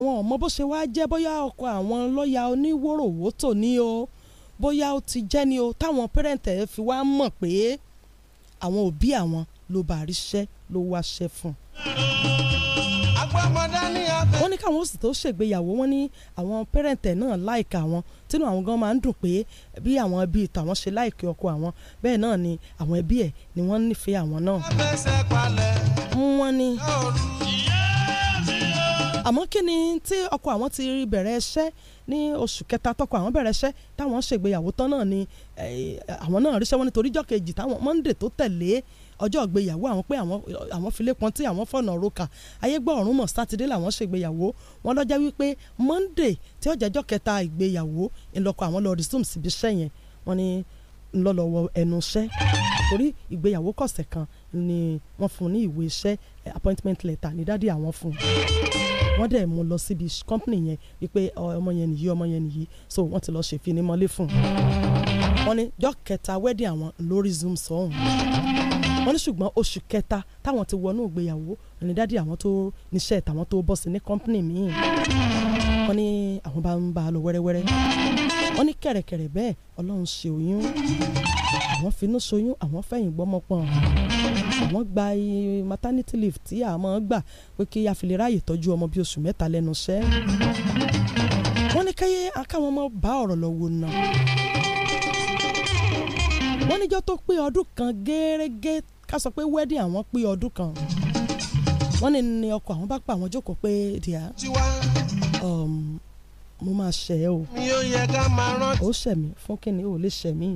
àwọn ọmọ bó ṣe wá jẹ́ bóyá ọkọ àwọn lọ́ọ̀yà oníwòròwòtò ni o bóyá ó ti jẹ́ ni o táwọn pẹ́rẹ́ǹtẹ̀ fi wá mọ̀ pé àwọn òbí àwọn ló bá ríṣẹ́ ló wá ṣe fún wọ́n ní káwọn oṣù tó ṣègbéyàwó wọ́n ní àwọn pẹ́rẹ́ǹtẹ̀ náà láìka àwọn tínú àwọn gan máa ń dùn pé bí àwọn ẹbí tàwọn ṣe láìkí ọkọ àwọn bẹ́ẹ̀ náà ni àwọn ẹbí ẹ̀ ni wọ́n nífẹ̀ẹ́ àwọn náà. wọ́n ní àmọ́ kí ni tí ọkọ àwọn ti bẹ̀rẹ̀ iṣẹ́ ní oṣù kẹta tọkọ àwọn bẹ̀rẹ̀ iṣẹ́ táwọn ṣègbéyàwó tán náà ni àwọn náà ríṣẹ́ wọn nítorí jọ́kejì táwọn Monday tó tẹ̀lé ọjọ́ ìgbéyàwó àwọn pé àwọn filé pọn tí àwọn fọ̀nà roka ayé gbọ́ ọ̀run mọ̀ sátidé làwọn ṣègbéyàwó wọn lọ́jọ́ wípé Monday tí ọ̀jẹ̀jọ́ kẹta ìgbéyàwó ńlọkọ àwọn lọ resume síbi iṣẹ́ yẹn wọn ni ńlọlọ́wọ́ ẹnu iṣẹ́ torí ìgbéyàwó kọ̀sẹ̀ kan ni wọ́n fún ní ìwé iṣẹ́ appointment letter ní dádì àwọn fún un wọ́n dẹ̀ mú lọ síbi company yẹn wípé ọmọ yẹn nìyí ọmọ yẹn nìyí so wọ́n ti lọ ṣèfinimọ́lé fún un wọ́n ní jọ́ kẹta wedding àwọn lórí zoom sọ̀hún wọ́n ní ṣùgbọ́n oṣù kẹta táwọn ti wọnú ìgbéyàwó ní dádì àwọn tó níṣẹ́ tàwọn tó bọ́ sí ní company míì wọ́n ní àwọn bá ń bá a lọ wẹ́rẹ́wẹ́rẹ́ wọ́n ní kẹ̀rẹ̀kẹ̀rẹ̀ bẹ́ẹ̀ ọlọ́run ṣe oyún àwọn finú ṣoyún àwọn fẹ̀yìn gbọ́mọpọ̀n àwọn gba maternity leave tí a máa gbà pé kí a fi lè ráàyè tọ́jú ọmọ bíi oṣù mẹ́ta lẹ́nu iṣẹ́ wọ́n ní káyé akáwọn ọmọ bá ọ̀rọ̀ lọ wò náà wọ́n níjọ́ tó pé ọdún kan gẹ́rẹ́gẹ́ ká sọ pé wedding àwọn pé ọdún kan wọ́n ní ní ọkọ àwọn bá pa àwọn jókòó pé díà um, mo máa ṣẹ̀ ẹ́ o ó ṣẹ̀ mí fún kí ni ó lè ṣẹ̀ mí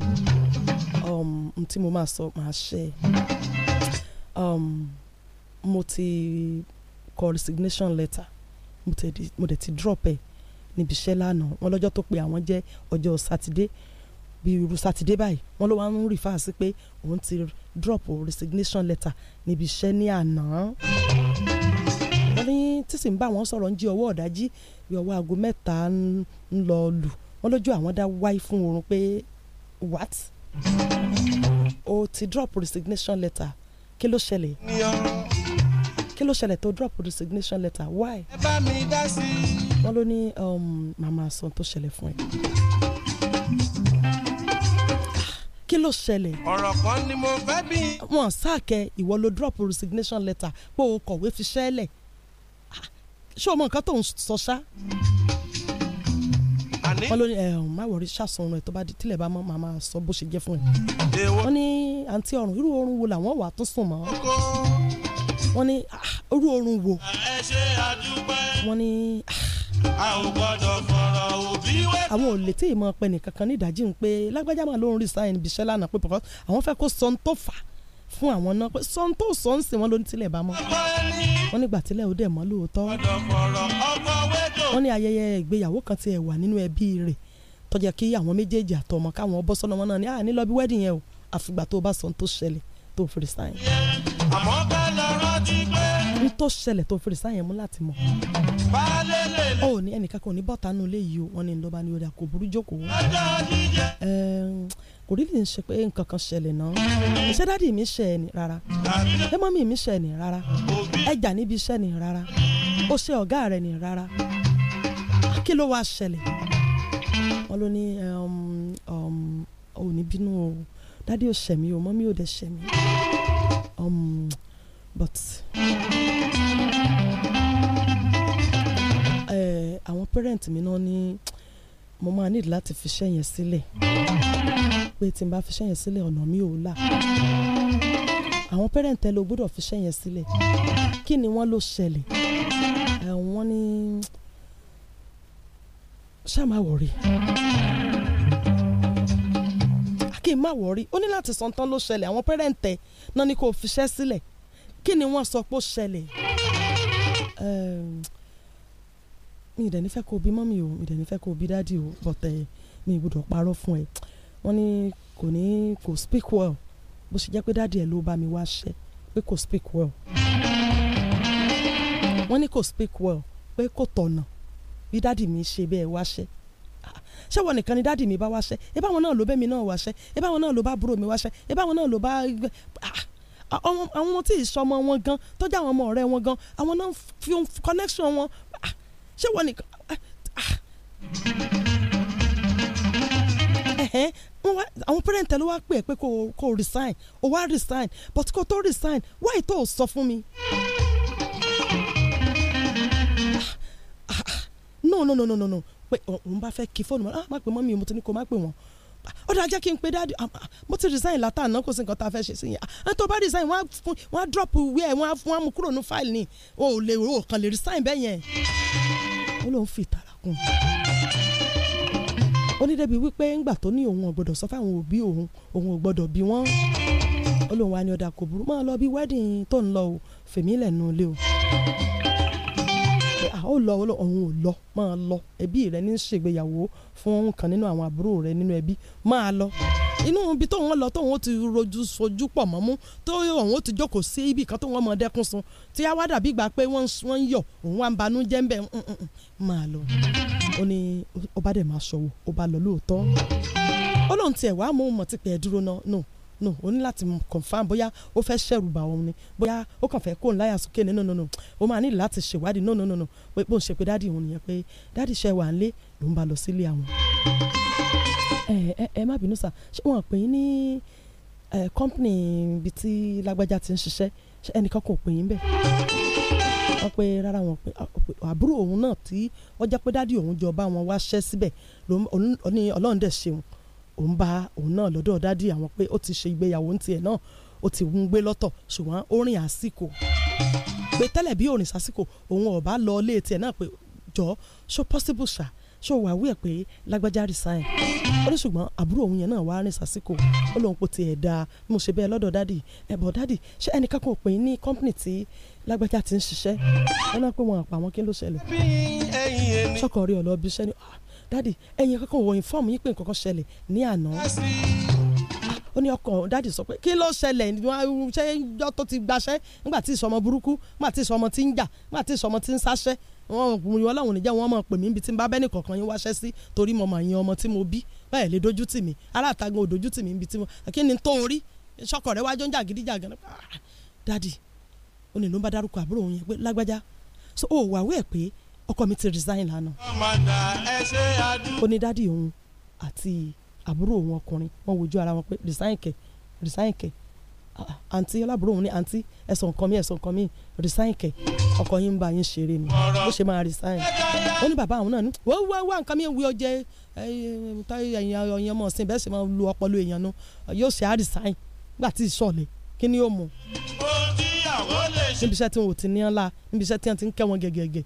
um, n tí mo máa sọ máa ṣẹ̀ ẹ́ um, mo ti kọ resignation letter mo tẹ̀ di mo dẹ̀ ti drop ẹ̀ níbi iṣẹ́ lánàá wọn lọ́jọ́ tó pe àwọn jẹ́ ọjọ́ sátidé bí irú sátidé báyìí wọn ló wá ń rìfà sí pé òun ti drop resignation letter níbi iṣẹ́ ní àná wọ́n ní tí sì ń bá wọn sọ̀rọ̀ ń jí ọwọ́ ọ̀dájí bí ọwọ́ aago mẹ́ta ń lọ lù wọ́n lójú àwọn dá wáyé fún oorun pé what o ti drop resignation letter kí ló ṣẹlẹ̀ kí ló ṣẹlẹ̀ tó drop resignation letter why wọ́n ló ní um, màmá san tó ṣẹlẹ̀ fún ẹ kí ló ṣẹlẹ̀. ọ̀rọ̀ kan ni mo fẹ́ bí. wọn sáàkẹ́ ìwọ ló drop resignation letter pé o kọ̀wé fi ṣẹ́lẹ̀ ṣé o mọ nǹkan tó ń sọ ṣá. wọ́n ló ní má wọrí ṣàṣọrun ẹ̀ tó bá tilẹ̀ bá mọ́ màmá sọ bó ṣe jẹ́ fún ẹ. wọ́n ní àǹtí ọ̀run irú oorun wo làwọn wà tó sùn mọ́ wọ́n ní ah, irú oorun wo wọ́n ní ah. àwọn ò lè tí ì mọ pẹ nìkan kan ní ìdájí ń pé lágbájá máa ló ń resign ibi iṣẹ́ lánàá pé pọ̀pọ̀ àwọn fẹ́ kó sọ́n tó fà fún àwọn náà pé sọ́n tó sọ́n sì wọ́n ló ní tilẹ̀ bá mọ́ wọ́n nígbà tílẹ̀ ó dẹ̀ mọ́ lóòótọ́ wọ́n ní ayẹyẹ ìgbéyàwó kan ti ẹ̀ wà nínú ẹbí rẹ̀ tó kí àwọn méjèèjì àtọmọ káwọn bọ́ sọ́nà wọn náà ní àní ah, lọ bí wedding yẹn o àfìgbà tó bá sọ ohun tó ṣẹlẹ̀ tó fi resign. àmọ́ ká lọ rántí pé. ní tó ṣẹlẹ̀ tó fi resign yẹn mú láti mọ̀. ó ò ní ẹnìkan kan ò ní bọ́ta nù lé yìí o wọ́n ní lọ́ba ní orí àkó burú jókòó. kò rí lè ń ṣe pé nǹkan kan ṣẹlẹ̀ náà iṣẹ́ dádì mi ṣe ẹ̀ ní rárá ẹ mi ṣe ẹ̀ ní rárá ẹ níbi iṣẹ́ ní rárá ó ṣe ọ̀gá rẹ̀ ní rárá kí ló wá ṣẹlẹ̀ wọ́n ló ní ò ní bínú o dádì ò ṣẹ̀mí o mọ́mí ò dẹ̀ ṣẹ̀mí um, but eh, àwọn uh, parent mi náà ni, mo máa need láti fi iṣẹ́ yẹn sílẹ̀ pé tí n bá fi iṣẹ́ yẹn sílẹ̀ ọ̀nà mi ò là àwọn parent ẹ ló gbọ́dọ̀ fi iṣẹ́ yẹn kí ni wọ́n ló ṣẹlẹ̀ eh, wọ́n ní ṣáà máa wọ̀rí kí n má wọrí ó ní láti sọ tán ló ṣẹlẹ̀ àwọn pẹ́rẹ́ǹtẹ̀ náà ni kò fiṣẹ́ sílẹ̀ kí ni wọ́n sọ pé ó ṣẹlẹ̀ mi ì dẹ̀ nífẹ̀ẹ́ kó bí mọ́mì o mi ì dẹ̀ nífẹ̀ẹ́ kó bí dáàdì o bọ̀tẹ̀ eh, mi ì gbọ́dọ̀ parọ́ fún ẹ wọ́n ní kò ní kò speak well bó ṣe jẹ́ pé dáàdì ẹ̀ ló bá mi wá ṣẹ́ pé kò speak well wọ́n ní kò speak well pé kò tọ̀nà bí dáàdì mi ṣe bẹ́ẹ̀ wá ṣẹ́ ṣé wọn nìkan ni dáàdì mi bá wáṣẹ́ ẹ báwọn náà ló bẹ́mi náà wáṣẹ́ ẹ báwọn náà ló bá búrò mi wáṣẹ́ ẹ báwọn náà ló bá ah, àwọn ọmọ tí ìsọmọ wọn gan tọ́jú àwọn ọmọ ọ̀rẹ́ wọn gan àwọn náà fi connection wọn ah, ṣé wọn nìkan ah, àwọn parent ló wá pè é pé kò kò resign ó wá resign but kò tó resign why tó sọ fún mi. no no no no no pé òun bá fẹ́ kí fóònù ah, má pè mọ́ mi mo ti ní kó má pè wọ́n ó dáa jẹ́ kí n pe dáàdi ah, ah, mo ti resign látà náà kò sí nǹkan tá a fẹ́ ṣe sí yẹn à tó bá resign wọ́n á fún wọ́n á drop wíẹ̀ wọ́n á fún wọn mú kúrò ní fáìlì ni o ò lè o kàn lè resign bẹ́ẹ̀ yẹn ó lóun fi ìtara kún ó ní wípé ńgbà tó ní òun ò sọ fáwọn òbí òun òun ò bí wọ́n ó lóun wá ní ọ̀dà kò burú máa lọ bí wedding tó ń lọ o fèmí lẹ̀ nu ilé o ó lọ ó lọ òun ò lọ máa lọ ẹbí rẹ ní ṣègbéyàwó fún kan nínú àwọn àbúrò rẹ nínú ẹbí máa lọ inú ibi tó wọn lọ tó wọn ti rojú sojú pọ̀ mọ́mú tó òun ti jókòó sí ibì kan tó wọn mọ dẹ́kun sun tí a wá dàbí gbà pé wọ́n ń yọ̀ òun wá ń banú jẹ́ ń bẹ̀ mm, mm, mm, máa lọ ó ní ó bá dẹ̀ máa ṣọ̀wọ́ ó bá lọ lóòótọ́ ó lóun tiẹ̀ wá mú un mọ̀ ti pẹ̀ dúró náà náà no o ní láti confam bóyá ó fẹ́ ṣẹ̀rù bà òun ni bóyá ó kàn fẹ́ kó n láyà sókè ni no no no o máa ní láti ṣèwádìí no no no no pé bó ń ṣe pé dáàdì òun nìyẹn pé dáàdì ṣe wà ń lé ló ń bá lọ sílé àwọn. ẹ ẹ ẹ má bínú sà ṣé wọn pè yín ní kọ́ńpìnì ibi tí lágbájá ti ń ṣiṣẹ́ ṣé ẹnìkan kò pè yín bẹ́ẹ̀ wọ́n pé rárá wọn pé àbúrò òun náà tí wọ́n jẹ́ pé dádì òun jọ bá wọn wá ṣẹ́ síbẹ̀ ọlọ́run dẹ̀ ṣeun òun bá òun náà lọ́dọ̀ dádì àwọn pé ó ti ṣe ìgbéyàwó ní tiẹ̀ náà ó ti ń gbé lọ́tọ̀ ṣùgbọ́n ó rìn àsìkò pé tẹ́lẹ̀ bí òrìn sásìkò òun ọ̀bá lọ ilé tiẹ̀ náà pé jọ ṣó possible ṣá ṣó wà wí ẹ̀ pé lágbájá resign ó ní ṣùgbọ́n àbúrò òun yẹn náà wá rìn sásìkò ó lóun kò tiẹ̀ da mo ṣe bẹ́ẹ̀ lọ́dọ̀ dádì ẹ̀bọ̀ dádì ṣé ẹnìkan pè é ní company tí lágbájá ti ń ṣiṣẹ́ wọn náà pé wọn àpà wọn kí ló ṣẹlẹ̀ ṣọkọ rí ọ lọ bí iṣẹ́ ni ah dádì ẹ̀yin kankan wò inform yín pé nǹkan kan ṣẹlẹ̀ ní àná ah, ó ní ọkọ dáàdì sọ pé kí ló ṣẹlẹ̀ ṣe yọ tó ti gbaṣẹ́ nígbà tí ìsọmọ burúkú nígbà tí ìsọmọ ti ń jà nígbà tí ìsọmọ ti ń sáṣẹ́ wọn ọkùnrin ọlọ́run níjẹ́ wọn máa pè mí ibi tí ń bá bẹ́ẹ̀ nìkọ̀ọ̀kan yín wáṣẹ́ sí torí mo mọ̀ yín ọmọ tí mo bí báyìí lè dojú tì mí aláàtagùn ò dojú tì mí ibi tí mo kí ni tó orí sọkọ rẹ wájú ń jà gidi jàgàn ah, dáàdì ó ní ló ń bá dárúkọ àbúrò òun yẹn pé lágbájá so ó wà wẹ́ẹ̀ pé ọkọ mi ti resign lánàá. ọmọdà ẹ ṣe adú. ó ní dádì òun àti àbúrò òun ọkùnrin wọ́n wojú ara wọn pé resign kẹ resign kẹ àǹtí ọlábùrò òun ní àǹtí ẹ̀sùn nǹkan mi ẹ̀sùn nǹkan mi resign kẹ ọkọ yín ń bá yín ṣeré ni ó ṣe máa resign. ó ní bàbá àwọn náà ní wọ́n wá wá nǹkan mi wí ọ jẹ́ ẹ̀yìn ọ̀yàn mọ̀ sí bẹ́ẹ̀ sì máa lu ọpọlọ èèyàn nu yóò ṣe á resign nígbà tí ìṣọ̀lẹ̀ kí ni yóò mú. níbi iṣẹ́ tí wọn ò ti ní ńlá níbi iṣẹ́ tí wọn ti ń kẹ́ wọn gẹ̀gẹ̀gẹ̀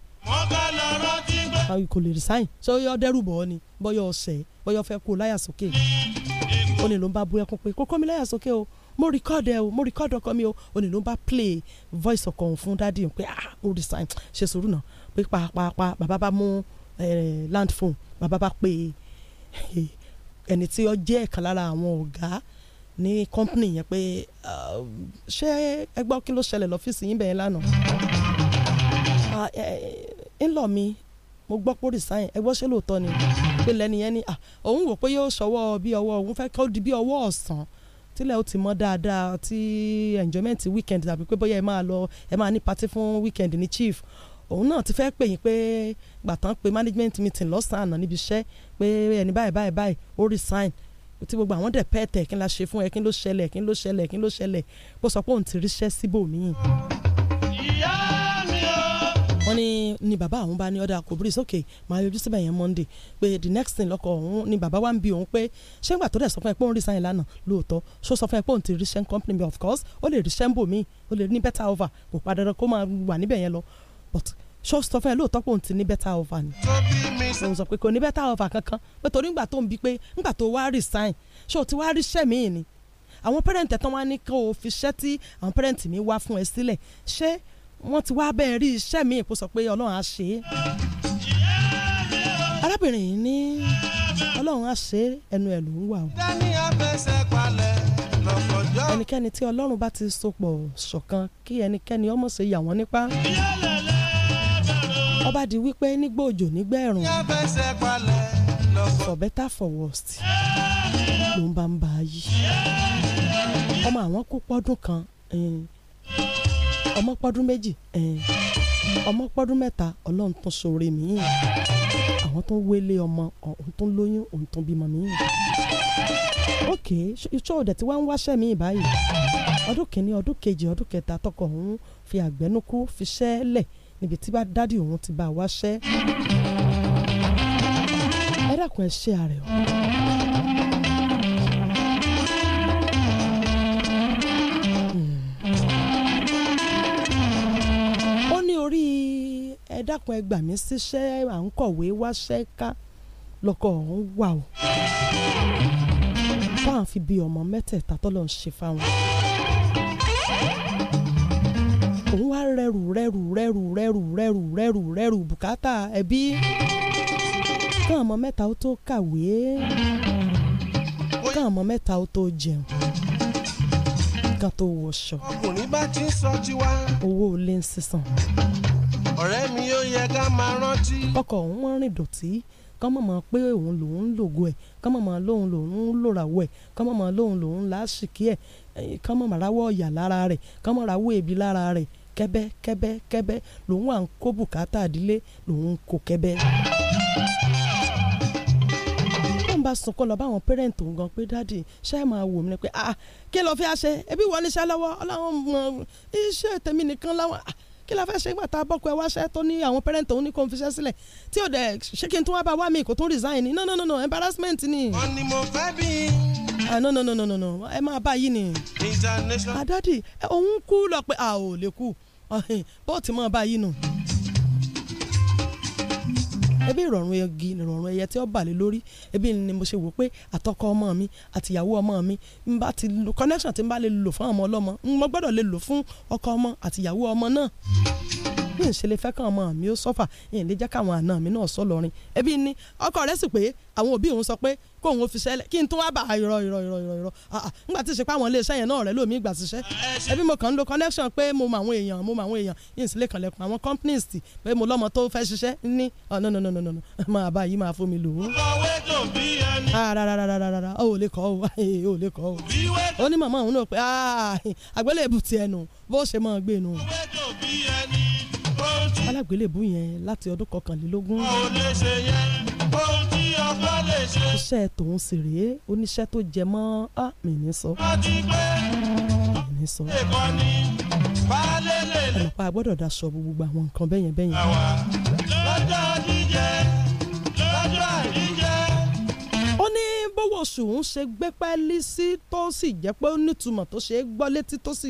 kò lè resign sọyọ dẹrù bọ ni bọyọ ọsẹ bọyọ fẹ kó láyà sókè ó ní ló ń bá bú ẹkún pé kó kọ́ mi láyà sókè o mo record ẹ eh, o oh. mo record ọkọ mi o ó ní ló ń bá play voice ọkọ òun fún dádì pé ah ó resign ṣe sùúrù náà pé pàápàá bàbá bá mú eh, land phone bàbá bá pè eh, ẹni tí ó jẹ́ ẹ̀kan lára àwọn ọ̀gá ní company yẹn pé ah, ṣé ẹgbọ́n kí ló ṣẹlẹ̀ lọ́fíìsì yín bẹ̀yẹn lánàá ah, ńlọ mi mo gbọ́ pé ó resign ẹ gbọ́ ṣé lóòótọ́ ni pé lẹ́ni yẹn ni ah, òun wò pé yóò ṣọwọ́ bí ọwọ́ òun fẹ́ kọ́ di bí ọwọ́ ọ̀sán tílẹ̀ ó ti mọ́ dáadáa tí enjoyment weekend tàbí pé bóyá ẹ máa lọ ẹ máa ní party fún weekend ni chief òun náà ti fẹ́ pè yín pé gbàtàn pé management meeting lọ́sàn-án àná níbi iṣẹ́ pé ẹni báyìí báyìí báyìí ó resign tí gbogbo àwọn dẹ̀ pẹ́ẹ́tẹ̀ kí n la ṣe fún ẹ kí n ló ṣẹlẹ̀ kí n ló ṣẹlẹ̀ kí n ló ṣẹlẹ̀ kó sọ pé òun ti ríṣẹ́ síbòmíì wọ́n ní ni bàbá àwọn bá ní ọ̀dà kò sókè máa yọjú síbẹ̀ yẹn Monday pé the next thing lọ́kọ̀ òun ni bàbá wa ń bi òun pé ṣé ń gbà tó dẹ̀ sọ fún ẹ pé òun resign lánàá lóòótọ́ ṣó sọ fún ẹ pé òun ti ríṣẹ́ ń company of course ó lè ríṣẹ́ ń bò mí ó lè ní better offer kò padà rẹ kó máa wà níbẹ̀ yẹn lọ but ṣó sọ fún ẹ lóòótọ́ pé òun ti ní better offer ni òun sọ pé kò ní better offer kankan pé torí ngbà tó ń bi pé ngbà tó wá resign ṣó ti wá ríṣẹ́ míì ni àwọn pẹ́rẹ́ǹtì tán wá ní kó o fi ṣẹ́ tí àwọn pẹ́rẹ́ǹtì mi wá fún ẹ sílẹ̀ ṣé wọ́n ti wá bẹ́ẹ̀ rí iṣẹ́ mi ìpò sọ pé ọlọ́run á ṣe é arábìnrin yìí ní ọlọ́run á ṣe é ẹnu ẹ̀ ló ń wà o ẹnikẹ́ni tí ọlọ́run bá ti sopọ̀ ṣọ̀kan kí ẹnikẹ́ni ọmọ ṣe yà wọ́n nípa ọba di wípé nígbà òjò nígbà ẹ̀rùn for better for worst ló ń bá ń bá a ọmọ àwọn kó pọ́dún kan ọmọ pọ́dún méjì ọmọ pọ́dún mẹ́ta ọlọ́run tún ṣoore mi-ín àwọn tó ń wélé ọmọ ọ̀hún tó ń lóyún ọ̀hún tó ń bímọ mi-ín ok iṣẹ́ òdẹ̀ tí wọ́n ń wáṣẹ́ mi báyìí ọdún kìíní ọdún kejì ọdún kẹta tọkọ ọ̀hún fi àgbẹ̀nukú fi ṣẹ́ẹ́lẹ̀ níbi tí bá dádì òun ti bá wáṣẹ́ ẹ dákun ẹ ṣe àrẹ̀ o. nítorí ẹ dákun ẹ gbà mí síṣẹ́ à ń kọ̀wé wáṣẹ́ ká lọ́kọ̀ ọ̀hún wà o fáwọn fi bí ọmọ mẹ́tẹ̀ẹ̀ta tọ́lọ̀ ń ṣe fáwọn òun wá rẹrù rẹrù rẹrù rẹrù rẹrù rẹrù rẹrù bùkátà ẹbí káwọn ọmọ mẹ́ta ó tó kàwé káwọn ọmọ mẹ́ta ó tó jẹun ká tó wọṣọ. ọkùnrin bá ti ń sọ tiwa. owó ilé ń sísan. ọ̀rẹ́ mi ó yẹ ká máa rántí. ọkọ òun wọ́n rìn dọ̀tí kán mọ̀ mọ́ pé òun lòun ń lògo ẹ̀ kán mọ̀ mọ́ lòun lòun ń lòràwọ̀ ẹ̀ kán mọ̀ mọ́ lòun lòun láṣìkí ẹ̀ kán mọ̀ mọ́ ráwọ́ ọ̀yà lára rẹ̀ kán mọ̀ ráwọ́ ebi lára rẹ̀ kẹ́bẹ́ kẹ́bẹ́ kẹ́bẹ́ lòun wà ń kó bùkátà ìdílé lòun kò kẹ́bẹ́ bá sunkún lọ báwọn pẹ́rẹ́ǹtì òun gan pé dáàdì ṣé ẹ máa wò mí ni pé ah kí ló fi àṣẹ ẹbí wọlé iṣẹ́ lọ́wọ́ ọlọ́run mọ iṣẹ́ tèmi nìkan láwọn ah, kí la fẹ́ ṣe gbà tá a bọ́kọ ẹ tó ní àwọn pẹ́rẹ́ǹtì òun ní kò ń fiṣẹ́ sílẹ̀ tí ò dẹ̀ ṣé kí n tún wá bá wá mi kò tún resign ni no no no no embarrassment ni. wọ́n mo fẹ́ bí. ah no no no no no ẹ máa bá yìí ni. international. àdádì ah, òun kú lọ pé a ò lè kú ah, eh, bọ́ọ̀tì máa bá yìí nù. No ẹbí ìrọ̀rùn igi ìrọ̀rùn ẹyẹ tí ó bà lé lórí ẹbí ni mo ṣe wò pé àtọkọ ọmọ mi àtìyàwó ọmọ mi n bá ti lo connection tí n bá lè lò fún ọmọ ọlọ́mọ n mo gbọ́dọ̀ lè lò fún ọkọ ọmọ àtìyàwó ọmọ náà bí n ṣe lè fẹ́ kàn ọmọ mi ó sọ́fà ìyẹn lè jẹ́ káwọn àna mi náà sọ lọ́rin ẹbí ni ọkọ rẹ̀ sì pé àwọn òbí òun sọ pé kó òun fi sẹ́lẹ̀ kí n tún wá bá ah, irọ́ irọ́ irọ́ irọ́ irọ́ ah, ah, nígbà tí ìṣepá àwọn iléeṣẹ́ yẹn náà rẹ̀ lómi ìgbà síṣẹ́ ẹbí mo kàn ń lo connection pé mo mọ àwọn èèyàn mo mọ àwọn èèyàn yìí sì lè àwọn companies tì pé mo lọ́mọ tó fẹ́ ṣiṣẹ́ ní ọ̀nà nà nà nà nà máa bá yìí máa fún mi lò ó. rárá yẹn láti ọdún kọkànlélógún. kò lè ṣe yẹn bó ti iṣẹ́ tòun sì rèé oníṣẹ́ tó jẹ mọ́ á mi ní sọ mi ní sọ ọ̀nàpá a gbọ́dọ̀ daṣọ gbogbo àwọn nǹkan bẹ́yẹn bẹ́yẹn. lọ́jọ́ jíjẹ lọ́jọ́ àjíjẹ. ó ní bówó oṣù ń ṣe gbé pẹ́ẹ́lí sí tó sì jẹ́ pé ó nítumọ̀ tó ṣe é gbọ́ létí tó sì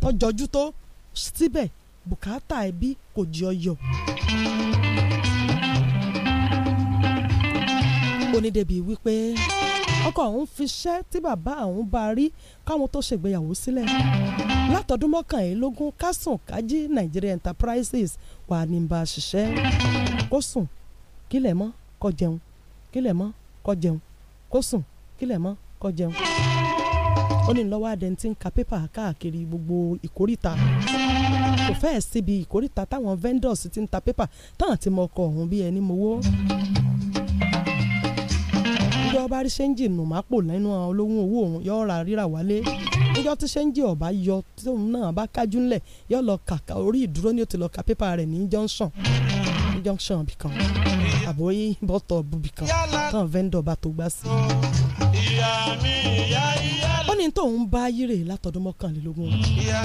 tọ́jọ́jú tó síbẹ̀ bùkátà ẹbí kò jẹ́ ọyọ̀. ó ní débi wípé ọkọ òun fiṣẹ́ tí bàbá òun bá rí káwọn tó ṣègbéyàwó sílẹ̀ látọdún mọ́kànlélógún kásùn kájí Nigeria Enterprises wà ní bá a ṣiṣẹ́ kó sùn kílẹ̀ mọ́ kó jẹun kílẹ̀ mọ́ kó jẹun kó sùn kílẹ̀ mọ́ kó jẹun ó ní lọ́wọ́ adẹ́ni tí ń ka pépà káàkiri gbogbo ìkóríta kò fẹ́ẹ̀ síbi ìkóríta táwọn vendors ti ń ta pépà táwọn ti mọ ọkọ ọ̀hún bí ẹni mowó níjọ́ bá rí ṣẹ́ńjì nùmápò lẹ́nu àwọn olówó owó òun yóò ra rírà wálé níjọ́ tí ṣẹ́ńjì ọ̀bá yọ tóun náà bá kájú ńlẹ̀ yóò lọ kàkà orí ìdúró ní ó ti lọ ka pépà rẹ̀ ní junction ní junction bìkan àbóyí bọ́tọ̀ bùbìkan tán vendor bá tó gbá sí i ní tóun bá yíre látọdún mọ́kànlélógún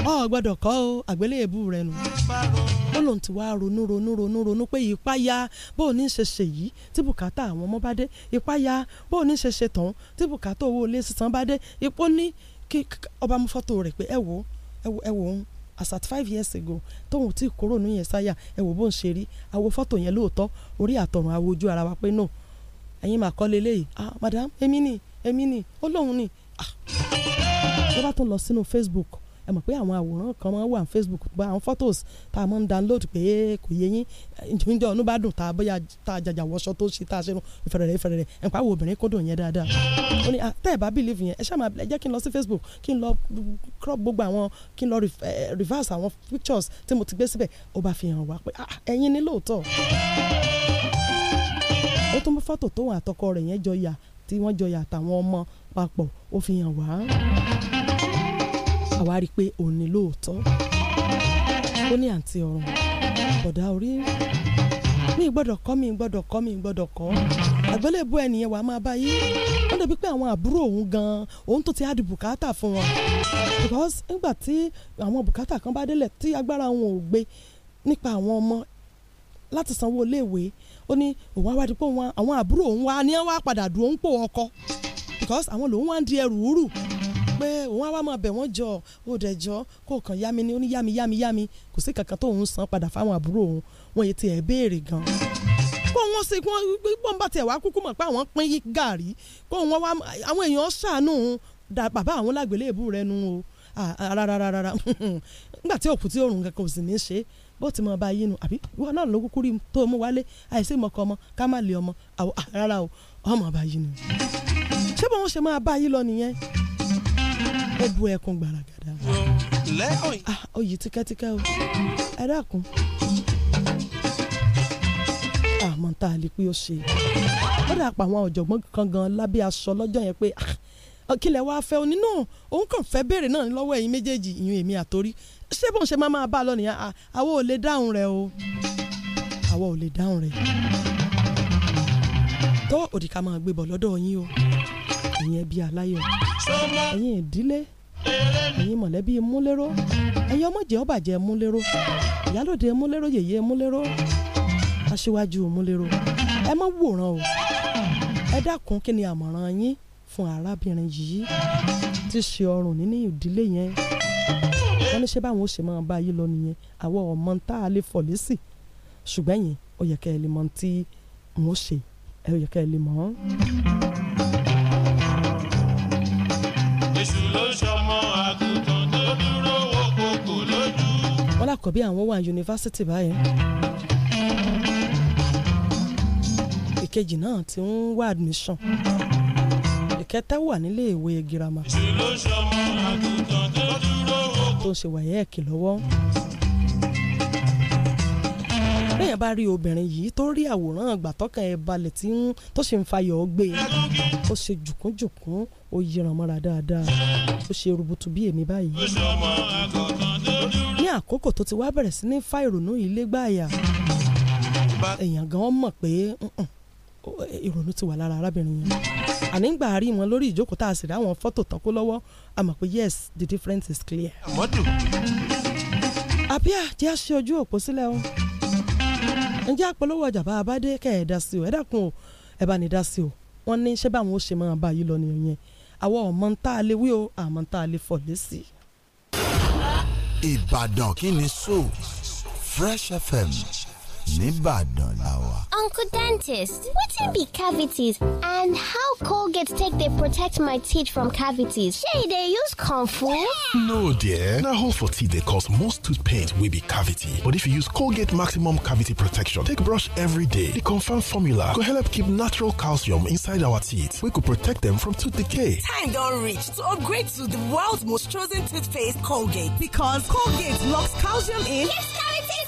ọ gbọ́dọ̀ kọ́ ọ àgbélébù rẹ nù ó lòun ti wá ronú ronú ronú ronú pé ìpáyà bó o ní ṣe ṣe yìí tí bùkátà àwọn ọmọ bá dé ìpáyà bó o ní ṣe ṣe tán tí bùkátà owó ilé sísan bá dé ipò ní kí ọba mú fọ́tò rẹ̀ pé ẹ wò ẹ ẹ wò ń as at five years ago tóun tí kúrò ní yẹn sáyà ẹ wò bó ń ṣe rí àwo fọ́tò yẹn lóòótọ́ orí àtọ̀run àwo ojú ara wa pé no ẹ̀yin mà kọ́ lélẹ́yìí ah madam emini, emini, èmi ni ó lóun ni tó bá tún lọ sínú Facebook ẹ mọ̀ pé àwọn àwòrán kan máa ń wà ní Facebook gba àwọn photos tá a máa ń download pé kò yé yín ìjọ inú bá dùn tá a bóyá tá a jàjà wọṣọ tó ṣe tá a ṣe nu ìfẹ̀rẹ̀rẹ̀ ìfẹ̀rẹ̀rẹ̀ ẹ̀ pàwọ̀ obìnrin kó dùn yẹn dáadáa ó ní tẹ́ ẹ̀ bá believe yẹn ẹ ṣáà máa jẹ́ kí n lọ sí Facebook kí n lọ crop gbogbo àwọn kí n lọ reverse àwọn pictures tí mo ti gbé síbẹ̀ ó bá fi hàn wá pé ẹ̀yin ni lóòótọ́ ó tún mú fọ́tò tó wọn àtọkọ rẹ̀ yẹn jọ yà tí wọ́n jọyà àtàwọn ọmọ papọ̀ ó fi hàn wá àwa rí i pé òun ni lóòótọ́ ó ní àǹtí ọ̀run bọ̀dá orí mi gbọ́dọ̀ kọ́ mi gbọ́dọ̀ kọ́ mi gbọ́dọ̀ kọ́ àgbélébù ẹnìyẹn wàá máa bá yí wọ́n débi pé àwọn àbúrò òun gan-an òun tó ti á di bùkátà fún wọn because nígbà tí àwọn bùkátà kan bá délẹ̀ tí agbára òun ò gbé nípa àwọn ọmọ láti sanwó iléèwé ó ní òun àwádìí pé àwọn àbúrò òun wá ní wá padà dùn òun pò ọkọ because àwọn lòun wá ń di ẹrù rù pé òun á máa bẹ̀ wọ́n jọ ó dẹ̀ jọ kó kàn yá mi ní ó ní yá mi yá mi yá mi kò sí kankan tóun san padà fáwọn àbúrò òun wọn yìí ti ẹ̀ béèrè gan kó wọn ṣe kí wọn bá tiẹ̀ wá kúkú mọ̀ pé àwọn pín yí gàrí kó wọn wá àwọn èèyàn ṣàánú bàbá àwọn lágbélébù rẹ nu o rárá nígbà tí òkú tí òrùn kankan ò sì ní ṣe é bó ti mọ ọba yín nu àbí ìwọ náà ló kúkú rí tó mú wálé àìsí ìmọ̀kọ ọmọ ká má lè ọmọ àwọ rárá o ọmọ ọba yín nu. ṣé bọ́n ṣe máa bá yín lọ nìyẹn ó bu ẹkún gbàràgàdà. Ah, oyè tíkẹ́tíkẹ́ o ẹ dákun àmọ́ ah, tá a lè pé ó ṣe ó dà pa àwọn ọ̀jọ̀gbọ́n kan gan lábẹ́ aṣọ lọ́jọ́ yẹn pé ah, kílẹ̀ wàá fẹ́ òní náà òun kàn fẹ́ béèrè náà lọ́wọ́ ẹ̀yin méjèèjì ìyún èmi àtórí ṣé bóun ṣe máa máa bá a lọ nìyẹn àwa ò lè dáhùn rẹ o àwa ò lè dáhùn rẹ tó òdì ká máa gbébọ̀ lọ́dọ̀ yín o ìyẹn bíi aláyọ̀ ẹ̀yin ìdílé ẹ̀yin mọ̀lẹ́bí múlẹ́rọ́ ẹ̀yin ọmọjẹ ọbàjẹ́ múlẹ́rọ́ ìyálòde múlẹ́rọ́ yèyé múlẹ́rọ́ aṣíwájú múlẹ́rọ́ ẹ má wòran o ẹ dákun kí ni àmọ̀ràn yín fún arábìnrin yìí tí ṣe ọrùn nínú ìdílé yẹn wọ́n ní ṣé báwọn ó ṣe máa bá yí lọ nìyẹn àwọn ọmọ ń tá a lè fọ̀ lésì ṣùgbọ́n yẹn ó yẹ kẹ́ ẹ lè mọ tí wọ́n ṣe ẹ yẹ kẹ́ ẹ lè mọ̀. èṣù ló ṣọmọ àgùntàn tó dúró wo kòkò lójú. wọ́n lákọ̀ọ́bí àwọn wà yunifásitì báyìí. ìkejì náà ti ń wá admission ìkẹta wà nílé ìwé girama. èṣù ló ṣọmọ àgùntàn tó tó ń ṣe wàyẹ́ẹ̀kì lọ́wọ́ bẹ́ẹ̀ bá rí obìnrin yìí tó rí àwòrán àgbà tọkàn ẹ̀ balẹ̀ tí ń tó ṣe ń fayọ̀ gbé e, ó ṣe jùkúnjùkún ó yíran mọ́ra dáadáa ó ṣe rubutu bí èmi báyìí. ní àkókò tó ti wá bẹ̀rẹ̀ sí ní fa ìrònú yìí légbáyà èèyàn gan mọ̀ pé ìrònú ti wà lára arábìnrin yẹn ànígbà rí wọn lórí ìjókòó tá a sì rí àwọn fọ́tò tán lọ́wọ́ a mọ̀ pé yes the difference is clear. àbíà jẹ́ àṣẹ ojú òpó sílẹ̀ o ǹjẹ́ àpolówó ọjà bá a bá dé kẹ́ ẹ̀ dá sí o ẹ̀ dákun o ẹ̀ bá ní dá sí o wọ́n ní ṣé báwọn ó ṣe máa bá yìí lọ nìyẹn yẹn àwọn ọmọ ń a lè wí o àmọ́ ń lè fọ̀ lẹ́sì. Ìbàdàn kí ni so Fresh FM nìbàdàn la wà. uncle dentist wetin be cavities and how colgate take dey protect my teeth from cavities Say e dey use comfort? no dear na hole for teeth dey cause most tooth pain wey be cavity but if you use colgate maximum cavity protection take brush every day the confam formula go help keep natural calcium inside our teeth wey go protect them from tooth decay. time don reach to upgrade to the world's most chosen toothpaste colgate because colgate locks calcium in. yes cavities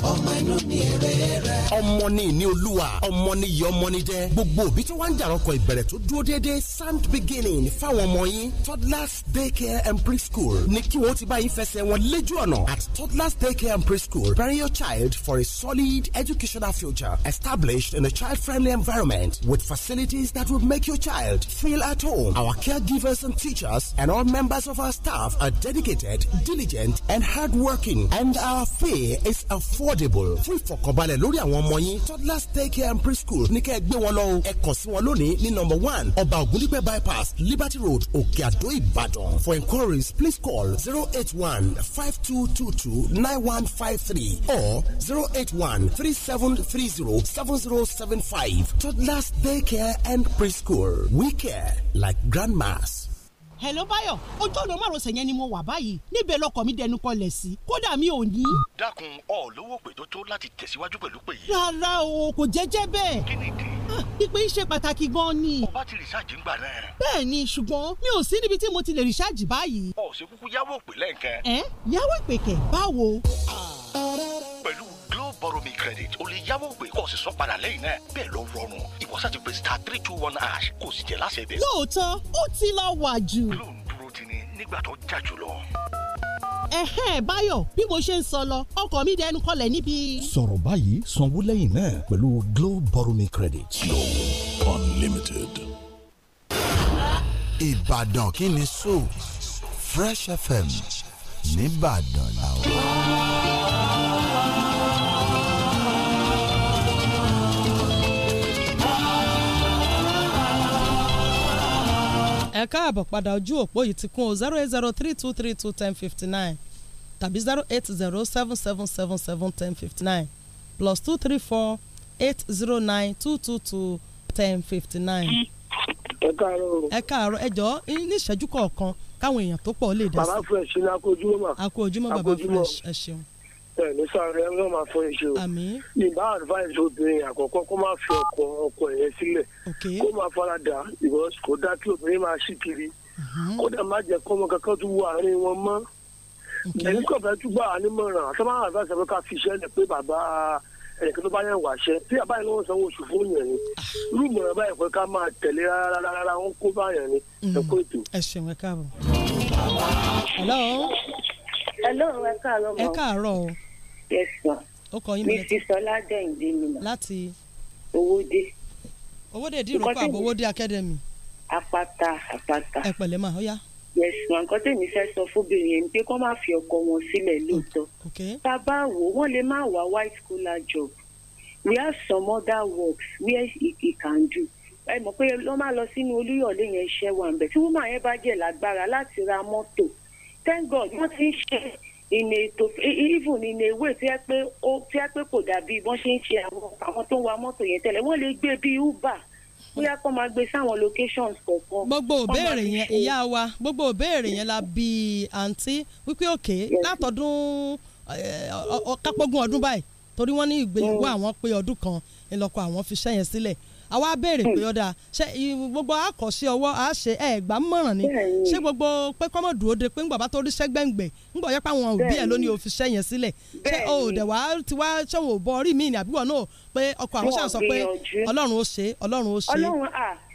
ọmọ inú ni èrè rẹ̀. ọmọ ni ìní olúwa ọmọ ni ìyá ọmọ ni jẹ́ gbogbo òbí tí wọ́n ń dàrọ́kọ ìbẹ̀rẹ̀ tó dúró déédéé sand beginning fáwọn ọmọ yín toddlers daycare and preschool ní kí wọ́n ti bá yín fẹsẹ̀ wọn lójú ọ̀nà at toddlers daycare and preschool prepare your child for a solid educational future established in a child-friendly environment with facilities that will make your child feel at home. Our caregivers and teachers and all members of our staff are dedicated, diligent, and hardworking, and our fee is affordable affordable fún ìfọ̀kànbalẹ̀ lórí àwọn ọmọ yín toddlers daycare and preschool ní kẹ́ ẹ gbé wọn lọ o ẹ kàn sí wọn lónìí ní number one ọba ògúnlípẹ̀ bypass liberty road òkè àdó ìbàdàn for inquiries please call zero eight one five two two two nine one five three or zero eight one three seven three zero seven zero seven five toddlers daycare and preschool we care like grandmas. hello báyọ̀ ojú ọ̀nà márosẹ̀ yẹn ni mo wà báyìí níbẹ̀ lọkọ̀ mi dẹnu kọlẹ̀ sí kódà mi ò ní. dákun ọ lówó pé tó tó láti tẹ̀síwájú pẹ̀lú pé rárá o kò jẹ́jẹ́ bẹ́ẹ̀. kí ni ìdí. ìpè ah, iṣẹ́ pàtàkì gan-an ni. o bá ti rìsáàjì ń gbà náà. bẹ́ẹ̀ ni ṣùgbọ́n mi ò sí níbi tí mo ti lè rìsáàjì báyìí. ọ̀ ṣe kúkú yáwó ìpè lẹ́ǹkẹ́. ẹ yáwó ìpè kẹ̀ báwo. pẹ̀lú Glo borrow me credit o lè yáwó pé kò sì san padà lẹ́yìn náà bẹ́ẹ̀ ló rọrùn ìwọ sá ti star three two one ash kò sì jẹ́ láṣẹ bẹ́ẹ̀. lóòótọ́ ó ti lọ wà jù. Glo ń dúró ti ni nígbà tó jà jù lọ ẹ̀hẹ́n báyọ̀ bí mo ṣe ń sọ lọ ọkọ̀ mi dẹnu kọlẹ̀ níbi. sọ̀rọ̀ báyìí sanwó lẹ́yìn náà pẹ̀lú Glo borrow me credit. Glo unlimited. ìbàdàn kí ni so Fresh FM nìbàdàn làwọn. ẹ káàbọ̀ padà ojú òpó yìí ti kún o zero eight zero three two three two ten fifty nine tàbí zero eight zero seven seven seven seven ten fifty nine plus two three four eight zero nine two two two ten fifty nine. ẹ káàárọ̀ ẹ káàárọ̀ ẹ jọ̀ọ́ ní ìṣẹ́jú kọ̀ọ̀kan káwọn èèyàn tó pọ̀ lè dá sí. bàbá fresh ni akójúmọ́ akójúmọ́ bàbá fresh ẹ ṣeun ẹ ní sáré ẹ máa fọ iṣẹ́ o ìbá advice obìnrin àkọ́kọ́ kó máa fi ọkọ ọkọ yẹn sílẹ̀ kó máa faradà because kò dá kí obìnrin máa ṣì kiri kódà má jẹ́ kọ́mọ kankan tún wọ àárín wọn mọ́ ẹni kò fẹ́ tún gbà á nímọ̀ràn àtàwọn advice àbẹ́ká fi iṣẹ́ lẹ pé bàbá ẹnìkan tó bá yẹn wà ṣẹ tí àbáyé lọ́wọ́ sanwó oṣù fún yẹn ni ah. irú ìmọ̀ràn báyìí pé ká máa tẹ̀lé rárá rárá wọn kó bá yẹn ni mm. ẹ kó ètò. ẹ ṣeun ẹ káàbọ̀. hello. hello ẹ káàárọ̀ ẹ káàárọ̀ o yes sir. ó kọ yín mílẹ̀ tí. mrs ọládẹ́yìndé mi nà. láti. owóde. owóde ìdíròkọ àbò owóde academy. apata apata. ẹ pẹ̀lẹ́ mà ó yá. yes ma nǹkan tèmi fẹ́ sọ fóbìnrin yẹn ni pé kó má fi ọkọ wọn sílẹ̀ lóòótọ́. tá a bá wò wọ́n lè má wá white collar job we have some other works where he, can do ẹ mọ̀ pé ló máa lọ sínú olúyọ̀lé yẹn iṣẹ́ wa ń bẹ̀ tí wọ́n máa yẹn bá jẹ̀ lágbára láti ra mọ́tò thank god wọ́n ti ń ṣe in a to even in a way tí ẹ pé ó tí ẹ pé kò dàbí bọ́n ṣe ń ṣe àwọn àwọn tó ń wa mọ́tò yẹn tẹ́lẹ̀ wọ́n lè gbé bíi uber bóyá kó máa gbé sáwọn locations kọ̀ọ̀kan. gbogbo òbéèrè yẹn ìyá wa gbogbo òbéèrè yẹn la bi àǹtí wípé òkè látọdún eh, kápógún ọdún báyìí torí wọ́n ní ìgbéyàwó mm. àwọn pé ọdún kan ńlọkọ àwọn fi ṣẹ́yẹn sílẹ̀ àwa béèrè pé ọ̀dà ṣé gbogbo àkọsí ọwọ́ a ẹ̀ gbà ń gbogbo pé kọ́mọ̀ dúró de pé ń gbàgbá tó rí sẹ́gbẹ̀ǹgbẹ̀ ń gbọ̀ yẹpa àwọn òbí ẹ̀ lónìí òfin sẹ́yìn sílẹ̀ ṣé o ò dẹ̀ wá ti wá ṣé wọn ò bọ orí mi náà pé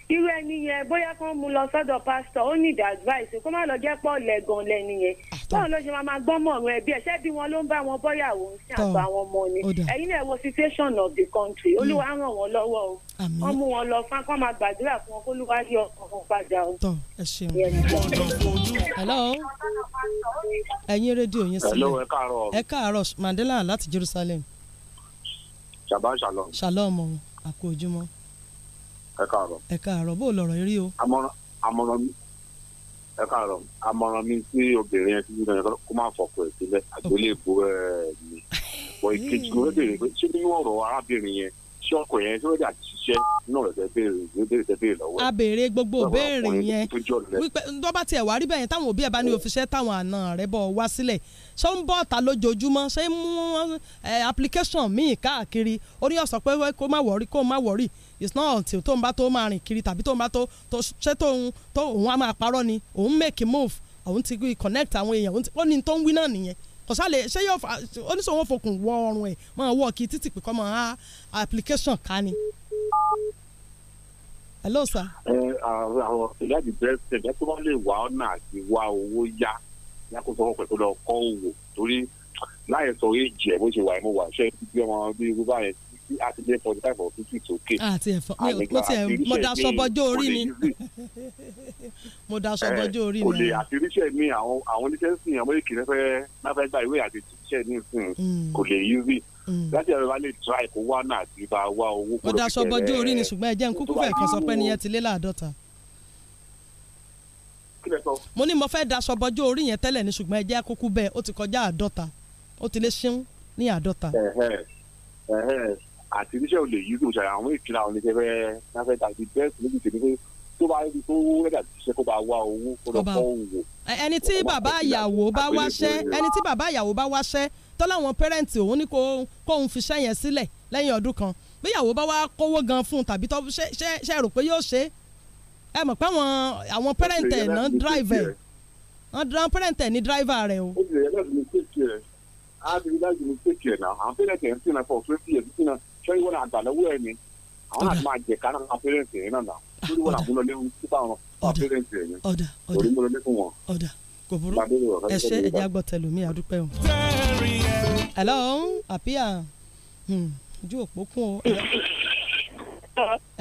irú ẹni yẹn bóyá kó mú lọ sọ́dọ̀ pásítọ̀ ó ní ìdá advice kó má lọ jẹ́ pọ̀ lẹ́gàn lẹ́ni yẹn ah, báwo ló ṣe máa máa gbọ́n mọ̀rún ẹbí ẹ̀ ṣebí wọn ló ń bá wọn bọ́yàwó ń ṣe àgbà àwọn ọmọ ni ẹ̀yin náà wo situation of the country hmm. olúwa ràn wọ́n lọ́wọ́ o wọ́n mú wọn lọ fún akọ́ gbàdúrà fún wọn kó olúwa yọ ọkàn padà o. tọ ẹ ṣeun hello ẹ̀yin rédíò yín sílẹ̀ ẹ káàárọ̀ Mandela láti Jerusalem. Shalom. shalom. shalom o àkójúmọ́ ẹ káàárọ̀. ẹ káàárọ̀ bó lọ̀rọ̀ rí o. àmọ̀ràn àmọ̀ràn mi ẹ káàárọ̀ àmọ̀ràn mi sí obìnrin yẹn títí náà kó má fọkọ ẹ̀ sílẹ̀ àgbélébù ẹ̀ mi. wọ́n ìkejì ló béèrè pé ṣé nínú ọ̀rọ̀ arábìnrin yẹn ṣé ọkọ yẹn ṣé ó dà ṣiṣẹ́ náà rẹ̀ fẹ́ béèrè ló béèrè fẹ́ béèrè lọ́wọ́ ẹ̀. a béèrè gbogbo béèrè yẹn wípé tó bá tiẹ̀ wá rí bẹ́ẹ̀ yẹn táwọn òbí ẹ̀ bá ní òfiṣẹ́ táwọn àna rẹ̀ bọ̀ wá sílẹ̀ ṣé ń bọ̀ ta lójoojúmọ́ ṣé ń mú application míì káàkiri ó ní ọ̀sán pé kó má wọ̀rí kó má wọ̀rí it's not until tóun bá tó máa rìn kiri tàbí tóun bá tó ṣé tóun tó òun á máa parọ́ ni òun make move òun ti connect àwọn èèyàn ó ní tó ń wí náà nìyẹn kò sálẹ̀ ṣé yóò fa oníṣòwò fòkùn wọ ọrùn ẹ̀ máa wọ kí títì pé kọ́ mọ á application ká ni. hello sir. ẹ àwọn ìyá ìdìbò ẹsẹ̀ ìyá tó bá lè wá ọ̀nà àti wá owó yá yàtọ̀ sọ́wọ́ pẹ̀lú ọkọ̀ òwò torí láyé sọ èjì ẹ̀ bó ṣe wà ẹ̀ mo wà ṣẹ́ bí ọmọ bí irú báyẹn sí àti jẹ́ forty five or fifty sókè. àti ẹ̀fọ́ mo tiẹ̀ mo daṣọ bọjọ́ orí mi mo daṣọ bọjọ́ orí mi. kò lè àti iṣẹ́ mi àwọn àwọn oníṣẹ́ sìn àwọn èkì náà fẹ́ náà fẹ́ gba ìwé àti iṣẹ́ mi sìn mm. kò lè yí rí mm. láti ẹ̀rọ wa lè try kó wá náà àti bá wá owó kúrò. mo daṣọ bọjọ́ orí mi ṣùgbọ́n ẹ jẹ́ n kúkú fẹ̀ kan sọ pé nìyẹn ti lé láàdọ́ta mo ní mo fẹ́ daṣọ bọjọ́ orí yẹn tẹ́lẹ̀ ní ṣùgbọ́n ẹ jẹ́ kúkú bẹ́ẹ̀ ó ti kọjá àádọ́ta ó ti lé ṣíún ní àádọ́ta àti iṣẹ́ olè yìí kò ṣàyà àwọn ìkìlá òní tẹ́fẹ́ náfẹ́ tàbí bẹ́ẹ̀sì méjì tèmi pé tó bá rí tó rẹ́dà ti ṣe kó bá wá owó kó lọ kọ́ òwò. ẹni tí bàbá ìyàwó bá wáṣẹ́ ẹni tí bàbá ìyàwó bá wáṣẹ́ tó láwọn pẹ́rẹ́ǹtì òun ní kóun fi ṣẹ́ yẹn sílẹ̀ lẹ́yìn ọdún kan bí ìyàwó bá wá kówó gan fún un tàbí tó ṣe rò pé yóò ṣe é mọ̀ pé àwọn pẹ́rẹ́ǹtì ẹ̀ náà dráìvẹ̀ àwọn pẹ́rẹ́ǹtì ẹ̀ ní dráìvà rẹ̀ o. ó ti rẹ̀ yẹ láti ní tèkì á ti rí láti ní tèkì ẹ̀ náà àwọn pẹ́rẹ́ǹtì ẹ̀ ń sìn náà for twenty years sẹ́yìn wọn àgbà lọ́wọ́ ẹ̀ ni àwọn àti máa jẹ kára máa fẹ́rẹ̀ sí ẹ̀ náà náà lórí wọn àmúlò léwu sípà wọn máa fẹ́rẹ̀ sí ẹ̀ ni orí múlò lé fún wọn. ọ̀dà kò burú ẹ ṣe ẹ̀jẹ̀ àgbọ̀ tẹ̀lómi àdúpẹ́ o. hello àpíà hmm, ojú òpó kún o.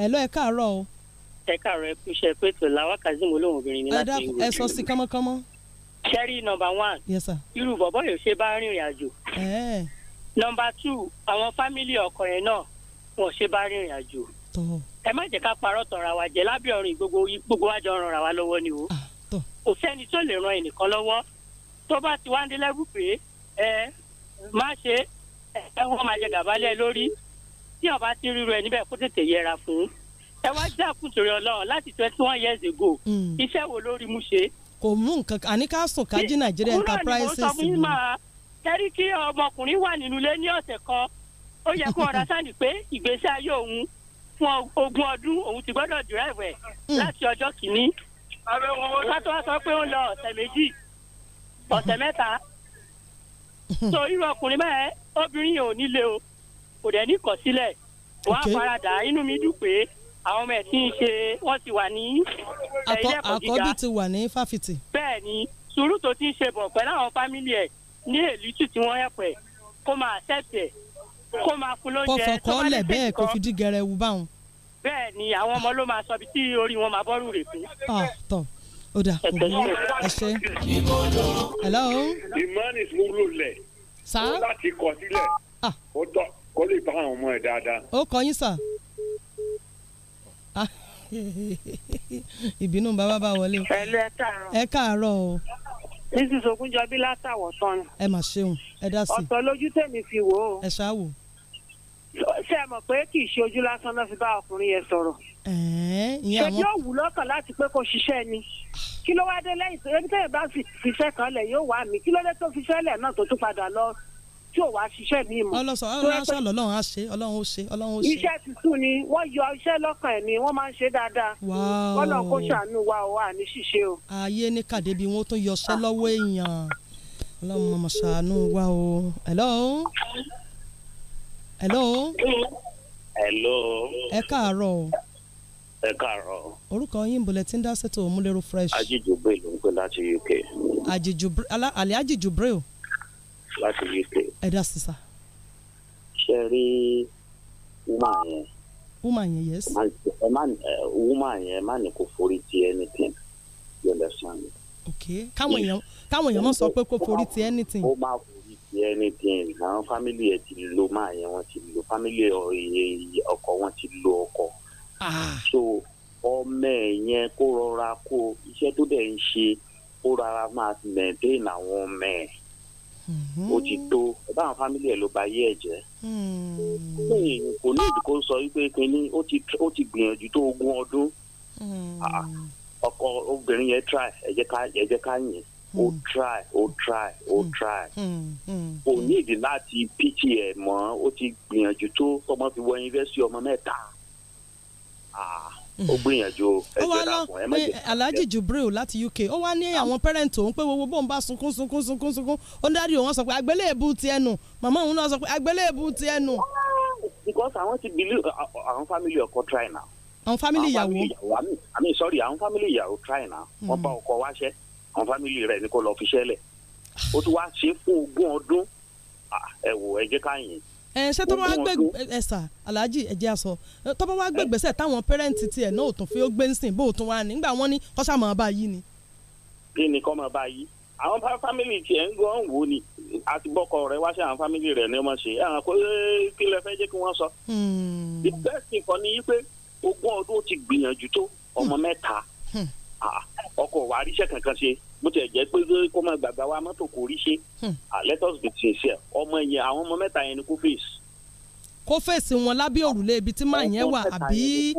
hello ẹ káàárọ̀ o. ẹ káàárọ̀ ẹ kú iṣẹ́ pé tòlá wákàtí mo lóun obìnrin ni láti ìwé. ẹ sọ sí kánmọ́kánmọ́. sẹ́rí nọmba one. yes sir. irú bọ̀bọ́ yóò ṣe bá rìnrìn àjò nọmba two àwọn fámìlì ọkùnrin náà wọn ṣe bá rìnrìn àjò ẹ má jẹ́ ká parọ́ tọ̀ra wa jẹ́ lábẹ́ ọ̀rìn gbogbo gbogbo wa jọ ń ranra wa lọ́wọ́ ni o ah, kò sẹ́ni tó lè ran ẹnìkan lọ́wọ́ tó bá ti wá ń délẹ́bù pé ẹ má ṣe ẹ wọ́n máa jẹ gàbálẹ̀ lórí tí ọba ti ríru ẹ níbẹ̀ kó tètè yẹra fún ẹ wá dákun torí Ọlọ́run láti twenty one years ago hmm. iṣẹ́ wo lórí mú ṣe. kò mú nǹkan àníkà sùn kájí Nàìjíríà enterprises. kúrò ní mo sọ fún yín máa tẹ́rí tí ọmọkùnrin wà nínú ilé ní ọ̀sẹ̀ kan ó yẹ kó ọ̀rá sáà ní pé ìgbésí ayé òun fún ogún ọdún òun ti gbọ́dọ̀ dìrẹ́ẹ̀fẹ̀ hmm. láti ọjọ́ kìíní kátó wá sọ pé ó ń lọ ọ̀sẹ̀ méjì ọ̀sẹ̀ mẹ́ta hmm. so irú ọkùnrin bẹ́ẹ̀ obìnrin yẹn ò nílé o kò dẹ̀ ní kọ̀sílẹ̀ wọ́n á faradà inú mi dùn pé àwọn ọmọ ẹ̀ tí ń ṣe wọ́n ti wà ní ilé ẹ̀kọ́ gíga àkọ́bí ti wà ní fáfitì. bẹ́ẹ̀ ni sùúrù tó ti ń ṣe bọ̀ pẹ̀lú àwọn fámìlì ẹ̀ ní èlítù tí wọ́n yẹ̀pẹ̀ kó máa tẹ̀tẹ̀ kó máa fún lóúnjẹ. kó fọkọ lẹ bẹ́ẹ̀ kó fi dí gẹrẹwu báwọn. bẹ́ẹ̀ ni àwọn ọmọ ló máa sọ ibi tí orí wọn máa bọ́rù rè fún. Ah, tọ ó dà kò bú ẹ ṣe. hello. imani sùúrù lẹ. sá. ó láti kọ sílẹ̀. Ah. ó tọ́ kó lè bá àwọn ọmọ ẹ̀ dáadáa. ó kọ yín sà ah. ìbínú bàbá bá wọlé. ẹ káàárọ̀ o mrs ogunjọbí látàwọ̀ sọnù. ẹ mà ṣeun ẹ dá sí. ọ̀tọ̀ lójú tèmi fi wò ó. ẹ ṣáà wò. ṣé ẹ mọ̀ pé kì í ṣe ojú lásán náà fi bá ọkùnrin yẹn sọ̀rọ̀. ṣé yóò wù lọ́kàn láti pé kó ṣiṣẹ́ ni kí ló wá dé lẹ́yìn tó ebi tẹ́yìn bá fiṣẹ́ kan lẹ̀ yóò wá mi kí ló dé tó fiṣẹ́ lẹ̀ náà tó tún padà lọ tí ò wá ṣiṣẹ́ mi mọ́. ọlọsọ ọlọsọ Ọlọ́run á ṣe Ọlọ́run ó ṣe Ọlọ́run ó ṣe. iṣẹ́ tuntun ni wọ́n yọ iṣẹ́ lọ́kàn ẹ̀ ni wọ́n máa ń ṣe dáadáa. wáá Ọlọ́run kó ṣàánú wa ò wà ní ṣíṣe o. ayé ní kàdé bí wọ́n tún yọṣẹ́ ah. lọ́wọ́ èèyàn Ọlọ́run mọ̀mọ́ ṣàánú wa o. hello. hello. hello. ẹ káàárọ̀ o ẹ káàárọ̀. orúkọ yín bọ̀lẹ̀ tí ń dá sẹ́tò òmùlérò fresh. ajijubre ló ń pè láti uk. ajijubre alẹ́ ajijubre o láti uk. ẹ dá sí ṣe rí wúmà yẹn. wúmà yẹn yes. ẹ má wúmà yẹn ẹ má ní kó forí ti anything you understand me. ok káwọn èèyàn káwọn èèyàn máa sọ pé kó forí ti anything. ó máa forí ti anything àwọn fámìlì ẹ ti lo máa yẹn wọn ti lo fámìlì ọkọ wọn ti lo ọkọ. Ah. so ọmọ ẹ yẹn kó rọra kó iṣẹ́ tó dẹ̀ ń ṣe kó rárá máa maintain àwọn ọmọ ẹ̀ Mm-hmm. ó ti tó ọba àwọn fámìlì ẹ ló ba ayé ẹ jẹ. Mm-hmm. kò ní ìdíkó sọ wípé kínní ó ti gbìyànjú tó ogún ọdún mm-hmm. ah, ọkọ obìnrin yẹn try ẹ jẹ́ ká ẹ jẹ́ ká yìn ó try ó try ó try kò ní ìdí láti pìtì ẹ mọ́ ó ti gbìyànjú tó ọmọ fi wọ yunifásitì ọmọ mẹ́ta. Ah ó gbìyànjú ẹgbẹ́ dàpọ̀ ẹ má jẹ́. Alhaji Jubril láti UK ó wá ní àwọn pẹ́rẹ́ǹtì òun pé gbogbo bóun bá sunkún sunkún sunkún sunkún ó ń dárí òun sọ pé àgbélébù ti ẹnu màmá òun náà sọ pé àgbélébù ti ẹnu. because àwọn ti bìlí àwọn family ọkọ try now. àwọn family ìyàwó. àmì sorry àwọn family ìyàwó try now hmm. wọ́n bá ọkọ wáṣẹ́ àwọn family rẹ̀ ni kò lọ fi ṣẹ́lẹ̀ ó ti wá ṣe fún ogún ọdún ah, ẹ wò ẹ jẹ́ ẹ ṣé tó bá wá gbé ẹ̀sà aláàjì ẹ̀jẹ̀ àṣọ tó bá wá gbé gbèsè táwọn pẹ́rẹ́ǹtì tiẹ̀ náà ò tún fi ó gbé ń sìn bó o tún wá nígbà wọn ní kọ́sà máa bá yí ni. kí ni kọ́ máa bá yí àwọn fámìlì tiẹ̀ ń gan wò ni àti bọ́kọ rẹ̀ wá sí àwọn fámìlì rẹ̀ ni wọ́n ṣe àwọn kò kí lẹ fẹ́ jẹ́ kí wọ́n sọ. Hmm. the best thing kan ni pé ogún ọdún ti gbìyànjú tó ọmọ hmm. mẹ́ta hmm. Ah, ọkọ wa ríṣẹ́ kankan ṣe bó tiẹ̀ jẹ́ pé kó máa gbàgbà wa mọ́tò kò rí ṣe hmm. ah, let us be sincere ọmọ yẹn àwọn ọmọ mẹ́ta yẹn ni kó fèsì. kó fèsì wọn lábẹ́ òrùlé ibi tí màá yẹn wà àbí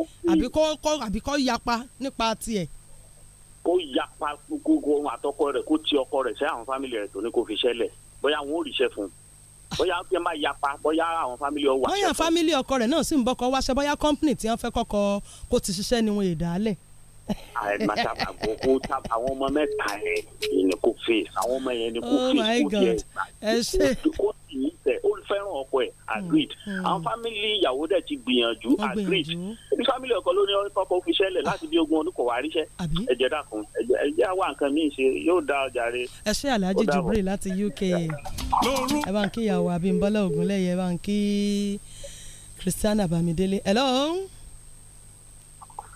àbí yapa nípa tiẹ̀. kó yapa gbogbo ohun àtọkọ rẹ̀ kó ti ọkọ rẹ̀ sẹ́ àwọn fámìlì rẹ̀ tó ní kó fi ṣẹlẹ̀ bóyá wọn ò ríṣẹ́ fún bóyá kí ẹ máa yapa bóyá àwọn fámìlì ọwọ́ àṣẹ. bóyá fámìlì ọkọ rẹ̀ náà sì ń bọ́kọ wáṣẹ bóyá kọ́ńpìnì tí wọ́n fẹ́ kọ́kọ́ kó ti ṣiṣẹ́ ni wọn yè dálẹ̀ masaba e ko e ko àwọn ọmọ mẹ́ta yẹn ni kò fi àwọn ọmọ yẹn ni kò fi kò jẹ ìgbà kò sì tẹ ó ọkọ ẹ̀ agreed mm, mm. àwọn fámìlì ìyàwó dẹ̀ ti gbìyànjú agreed ní fámìlì ọkọ ló ní ọkọ fi ṣẹlẹ̀ láti bí ogún ọdún kò wá ríṣẹ́ ẹ jẹ́ dákun àwa nǹkan míì ṣe yóò dá ọjà rẹ. ẹ ṣe Alhaji Jibril láti UK ẹ bá ń kí ìyàwó Abímbọ́lá Ògúnlẹ́yẹ ẹ bá ń kí Christiana Bamidele hello.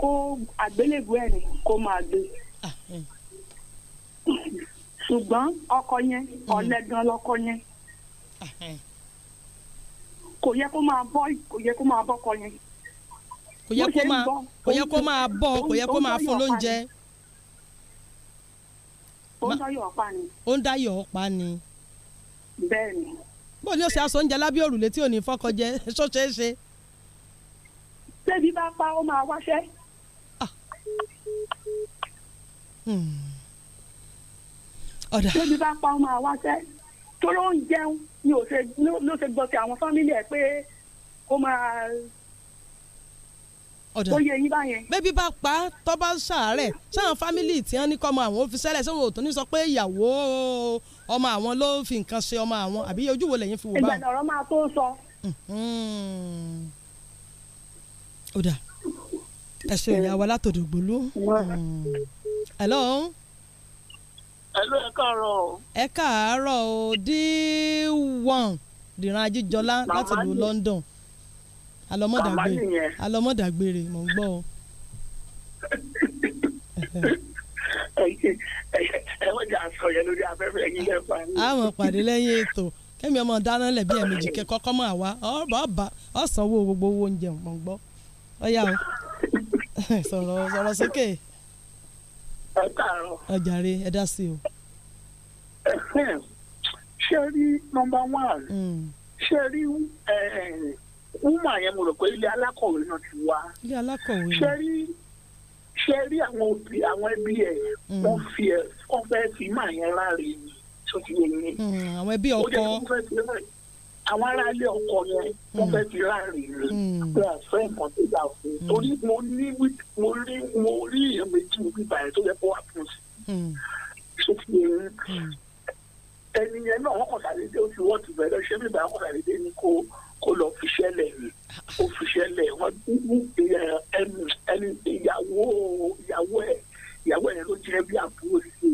kó àgbélébù ẹ̀ ní kó máa gbé ah, hmm. ṣùgbọ́n ọkọ yẹn hmm. ọ̀lẹ gan lọkọ yẹn ah, hmm. kò yẹ kó máa bọ́ kò yẹ kó máa bọ́kọ yẹn kò yẹ kó máa kò yẹ kó máa bọ́ kò yẹ kó máa fún lóúnjẹ. ó ń dáyọ̀ ọ̀pá ni. ó ń dáyọ̀ ọ̀pá ni. bẹ́ẹ̀ ni. bó ni ó ṣe aṣọ oúnjẹ lábẹ́ òrùlé tí ò ní fọ́kọ jẹ ṣó ṣeé ṣe. tẹ́bí bá pa ó máa wáṣẹ́ ọ̀dà. tóbi bá pa ọmọ àwa sẹ́ torí ó ń jẹun ni ló ṣe gbọ́ ti àwọn fámìlì ẹ̀ pé kó máa ọ̀dà ó yẹ yín báyẹn. bébí bá pa tó bá ń ṣàárẹ̀ sáwọn fámìlì tí wọ́n ní kọ́ ọmọ àwọn ó fi sẹ́lẹ̀ sí òun ò tó ní sọ pé ìyàwó ọmọ àwọn ló fi nǹkan ṣe ọmọ àwọn àbí ojú wo lẹ́yìn fi wò báwọn. ìgbàdàn ọ̀rọ̀ máa tó sọ. Hmm. ọ̀dà ẹ ṣe ìyàwó látòdògbòló hello. hello ẹ káàárọ̀ o. ẹ káàárọ̀ o d1 dìran ajíjọlá láti ìlú London alọmọdàgbére alọmọdàgbére mò ń gbọ́ o. ẹ wọ́n jà sọ yẹn lórí afẹ́fẹ́ yín lẹ́fà. àwọn pàdé lẹ́yìn ètò kẹ́mi ọmọ dáná lẹ̀ bí ẹ̀mejì kẹ́ kọ́kọ́ mọ́ àwa ọba ọ̀sánwó gbogbo owó oúnjẹ mò ń gbọ́ ọ̀yà o sọ̀rọ̀ sọ̀rọ̀ sókè ẹ káàárọ̀. ọjàre ẹ dá sí o. ṣé rí nọ́mbà one mm. ṣé rí wúmọ yẹn mo rò pé ilé alákọ̀wé náà ti wá. ilé alákọ̀wé náà. ṣé rí ṣé rí àwọn òbí àwọn ẹbí ẹ mm. wọ́n fi ẹ wọ́n fẹ́ẹ́ fi máa yẹn láre ni tó ti yẹ yẹn. Mm, àwọn ẹbí ọkọ. ó jẹ́ kó fẹ́ẹ́ fi ẹ àwọn aráalé ọkọ yẹn wọ́n fẹ́ẹ́ fi láàrin rẹ̀ hmm. Hmm. wọ́n fẹ́ nǹkan tó dà fún un torí mo ní mo rí mo rí èèyàn méjì níbi ìbàyẹn tó yẹ kó wà fún un ṣé ti yẹ hmm. ẹni yẹn náà wọ́n kàn sàdédé ó ti wọ́n ti bẹ̀rẹ̀ ṣé bíbá wọ́n kàn sàdédé ní kó kó lọ fiṣẹ́ lẹ̀ yìí ó fiṣẹ́ lẹ̀ wọ́n eh, ẹni ẹni ìyàwó ìyàwó ẹ̀ ìyàwó ẹ̀ ló jẹ́ bí àbúrò ṣe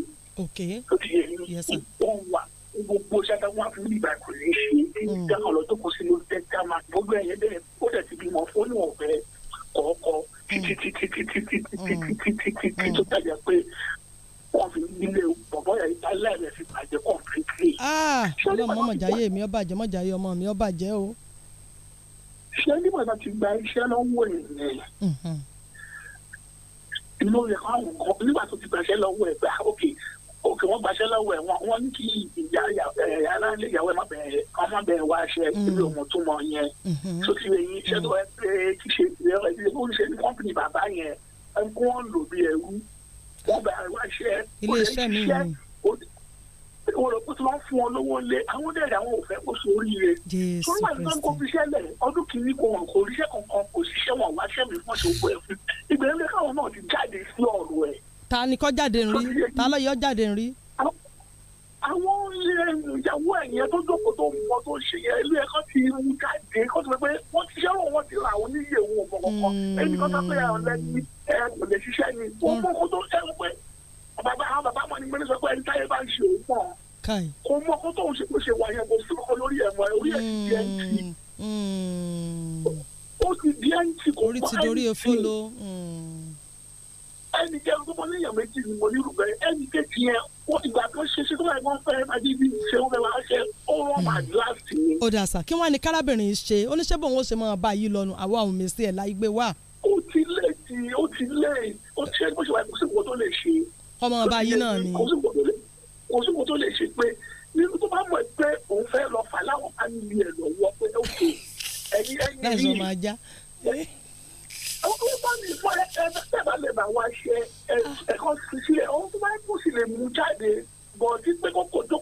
ó ti yẹ ní wọ́n wà gbogbo ṣáta wọn fi nígbà kò lè ṣe é tí dáhùn hmm. lọ́jọ́ kó sínú tẹ́tà máa gbogbo ẹ̀yẹ bẹ́ẹ̀ ó dẹ̀ ti bímọ fún níwọ̀n bẹ́ẹ̀ kọ̀ọ̀kọ̀ hmm. hmm. títí títí títí títí títí títí títí tó tàjà pé wọ́n fi nílé bọ̀bọ̀ yẹn alẹ́ rẹ̀ fi bàjẹ́ kọ̀ǹpìtì. Ah! ọlọ́mọ mọ̀jáyé mi ó bàjẹ́ mọ̀jáyé ọmọ mi ó bàjẹ́ o. ṣé nígbà tó ti gba iṣẹ́ lọ́wọ́ ènìyàn inú rẹ̀ káwọn kan nígbà tó ti gbàṣẹ́ lọ́wọ́ ẹ̀ gbà ókè òkè wọn gbàṣẹ lọ́wọ́ ẹ wọn wọn ní kí ìyá aláǹlẹ ìyàwó ẹ má bẹ ọ má bẹ wá ṣe ibi mm. òun tó mọ yẹn tó mm-hmm. ti yẹn iṣẹ́ tó ẹ pé kí ṣe ìyẹn ẹ ti fún ṣe ní kọ́mpìnì bàbá yẹn ẹ kó wọn lò bí ẹrú wọn bẹ wá ṣe ilé iṣẹ́ mi wọn lọ kó tí wọn fún ọ lówó lé àwọn dẹrẹ àwọn òfẹ kó sórí rẹ tó wà nígbà kó fi ṣẹlẹ ọdún kìíní kò wọn kò ríṣẹ́ kankan kò síṣẹ́ wọn wáṣẹ́ mi fún ṣòwò ẹ fún ìgbẹ́rẹ́ káwọn náà ti jáde sí ọ̀rọ̀ ẹ̀ ta ni kọ́ jáde ń rí ta ló yọ jáde ń rí. àwọn eh, ìyàwó ẹ̀yẹn tó jókòó tó mọ tó ṣe yẹn ilé ẹ̀kọ́ ti mú jáde kó tó pé wọ́n ti ṣẹ́wọ̀n wọn ti ra àwọn oníyè wọn kọ̀ọ̀kan hmm. ẹni kan sábẹ́ ẹ̀ lẹ́ni ẹ̀ kò lè ṣiṣẹ́ ni wọ́n hmm. mọ̀ kó tó ẹ̀ pé bàbá àwọn bàbá mọ̀ ní gbẹ́ni sọ ti di ẹ̀ ń tì ó ti di ń tì kò mọ̀ ẹ̀ ń tì ẹnì kẹrin tó mọ léèyàn méjì ni mo nílùú bẹ́ẹ̀ ẹnì kejì yẹn wọ́n ìgbà kan ṣe ṣe tó bá ẹ̀gbọ́n fẹ́ máa dídí ṣe ó fẹ́ máa ṣe ó rán máa di láti ni. ó dà sá kí wọ́n á ní kárábìnrin ṣe oníṣẹ́bọ̀ wọn ó ṣe máa bá yí lọ́nu àwa òun mi sí ẹ̀ láì gbé wá. ó ti lé ti ó ti lé ó ti ṣe bó ṣe wà kó sípò tó lè ṣe. ọmọ ọba yìí náà ni. kò sípò tó lè ṣe pé nínú tó bá mọ̀ pé òun fẹ́ lọ fà láwọn fámìlì ẹ̀ lọ́wọ́ pé ó kè ẹ̀yìn ẹ̀yìn ọdún bá mi fọ ẹ ẹ bá lè bá wa ṣe ẹ ẹkọ sílẹ̀ ọdún tó bá yẹ kó sì lè mú jáde bọ ọtí pé kókò tó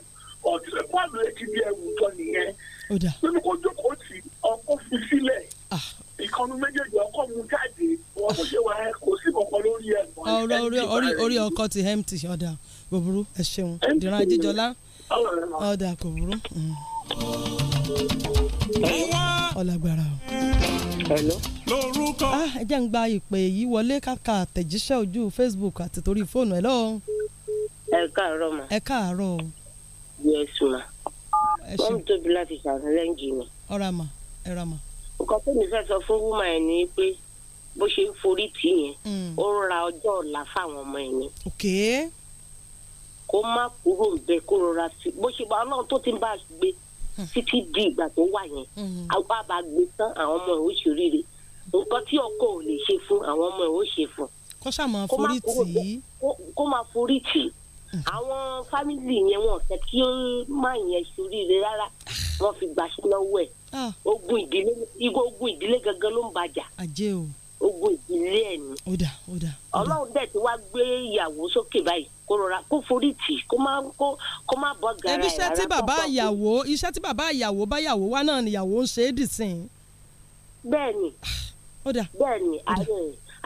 ó ti lè pàlọ ẹtì bí ẹwù tọ nìyẹn nínú kó jókòó tì ọkọ fi sílẹ̀ ìkànnì méjèèjì ọkọ mú jáde wọn kò ṣe wà ẹ kò sí kankan lórí ẹ mọ. ọ̀rọ̀ orí ọkọ ti empty ọ̀dà kò burú ẹ ṣeun ìdìran ajíjọlá ọ̀dà kò ọlágbára o. lórúkọ. Ah, ẹ jẹ́ ń gba ìpè yìí wọlé káka àtẹ̀jíṣẹ́ ojú Facebook àti torí fóònù ẹ̀ lọ́wọ́. ẹ káàárọ̀ ma. ẹ káàárọ̀ o. yes ma. wọ́n mi tóbi láti ṣàtìlẹ́yìn mi. ọ̀rọ̀ àmà ẹ̀rọ àmà. nǹkan tó mi fẹ́ sọ fún wúmà ẹ̀ ni pé bó ṣe ń forí tì yẹn hmm. ó ń ọjọ́ ọ̀la fáwọn ọmọ ẹ̀ ni. kó má kúrò ń bẹ kó rọra sí bó ṣe bá ọlọ́run tó ti bá a gbé Mm-hmm. títí di ìgbà tó wà yẹn àwọn mm-hmm. àbá gbé tán àwọn ọmọ ẹ̀ ó ṣoríire nǹkan tí ọkọ ò lè ṣe fún àwọn ọmọ ẹ̀ ó ṣe fún. kó ṣàmọ forí tì í. kó máa forí tì í àwọn fámìlì yẹn wọn fẹ́ kí ó má yẹn ṣoríire rárá wọn fi gbàṣẹ lọ́wọ́ ẹ̀ ah. ogun ìdílé gangan ló ń bàjá. àjẹ́ o ogun ìdílé ẹ̀ ni. ọlọ́run dẹ̀ ti wá gbé ìyàwó sókè báyìí kó rọra kó forí tì kó má kó kó má bọ́ gara ẹ̀ rárá. ẹbí iṣẹ́ tí bàbá ìyàwó iṣẹ́ tí bàbá ìyàwó bá ìyàwó wá náà nìyàwó ń ṣe é dìsìn. bẹ́ẹ̀ni ah, bẹ́ẹ̀ni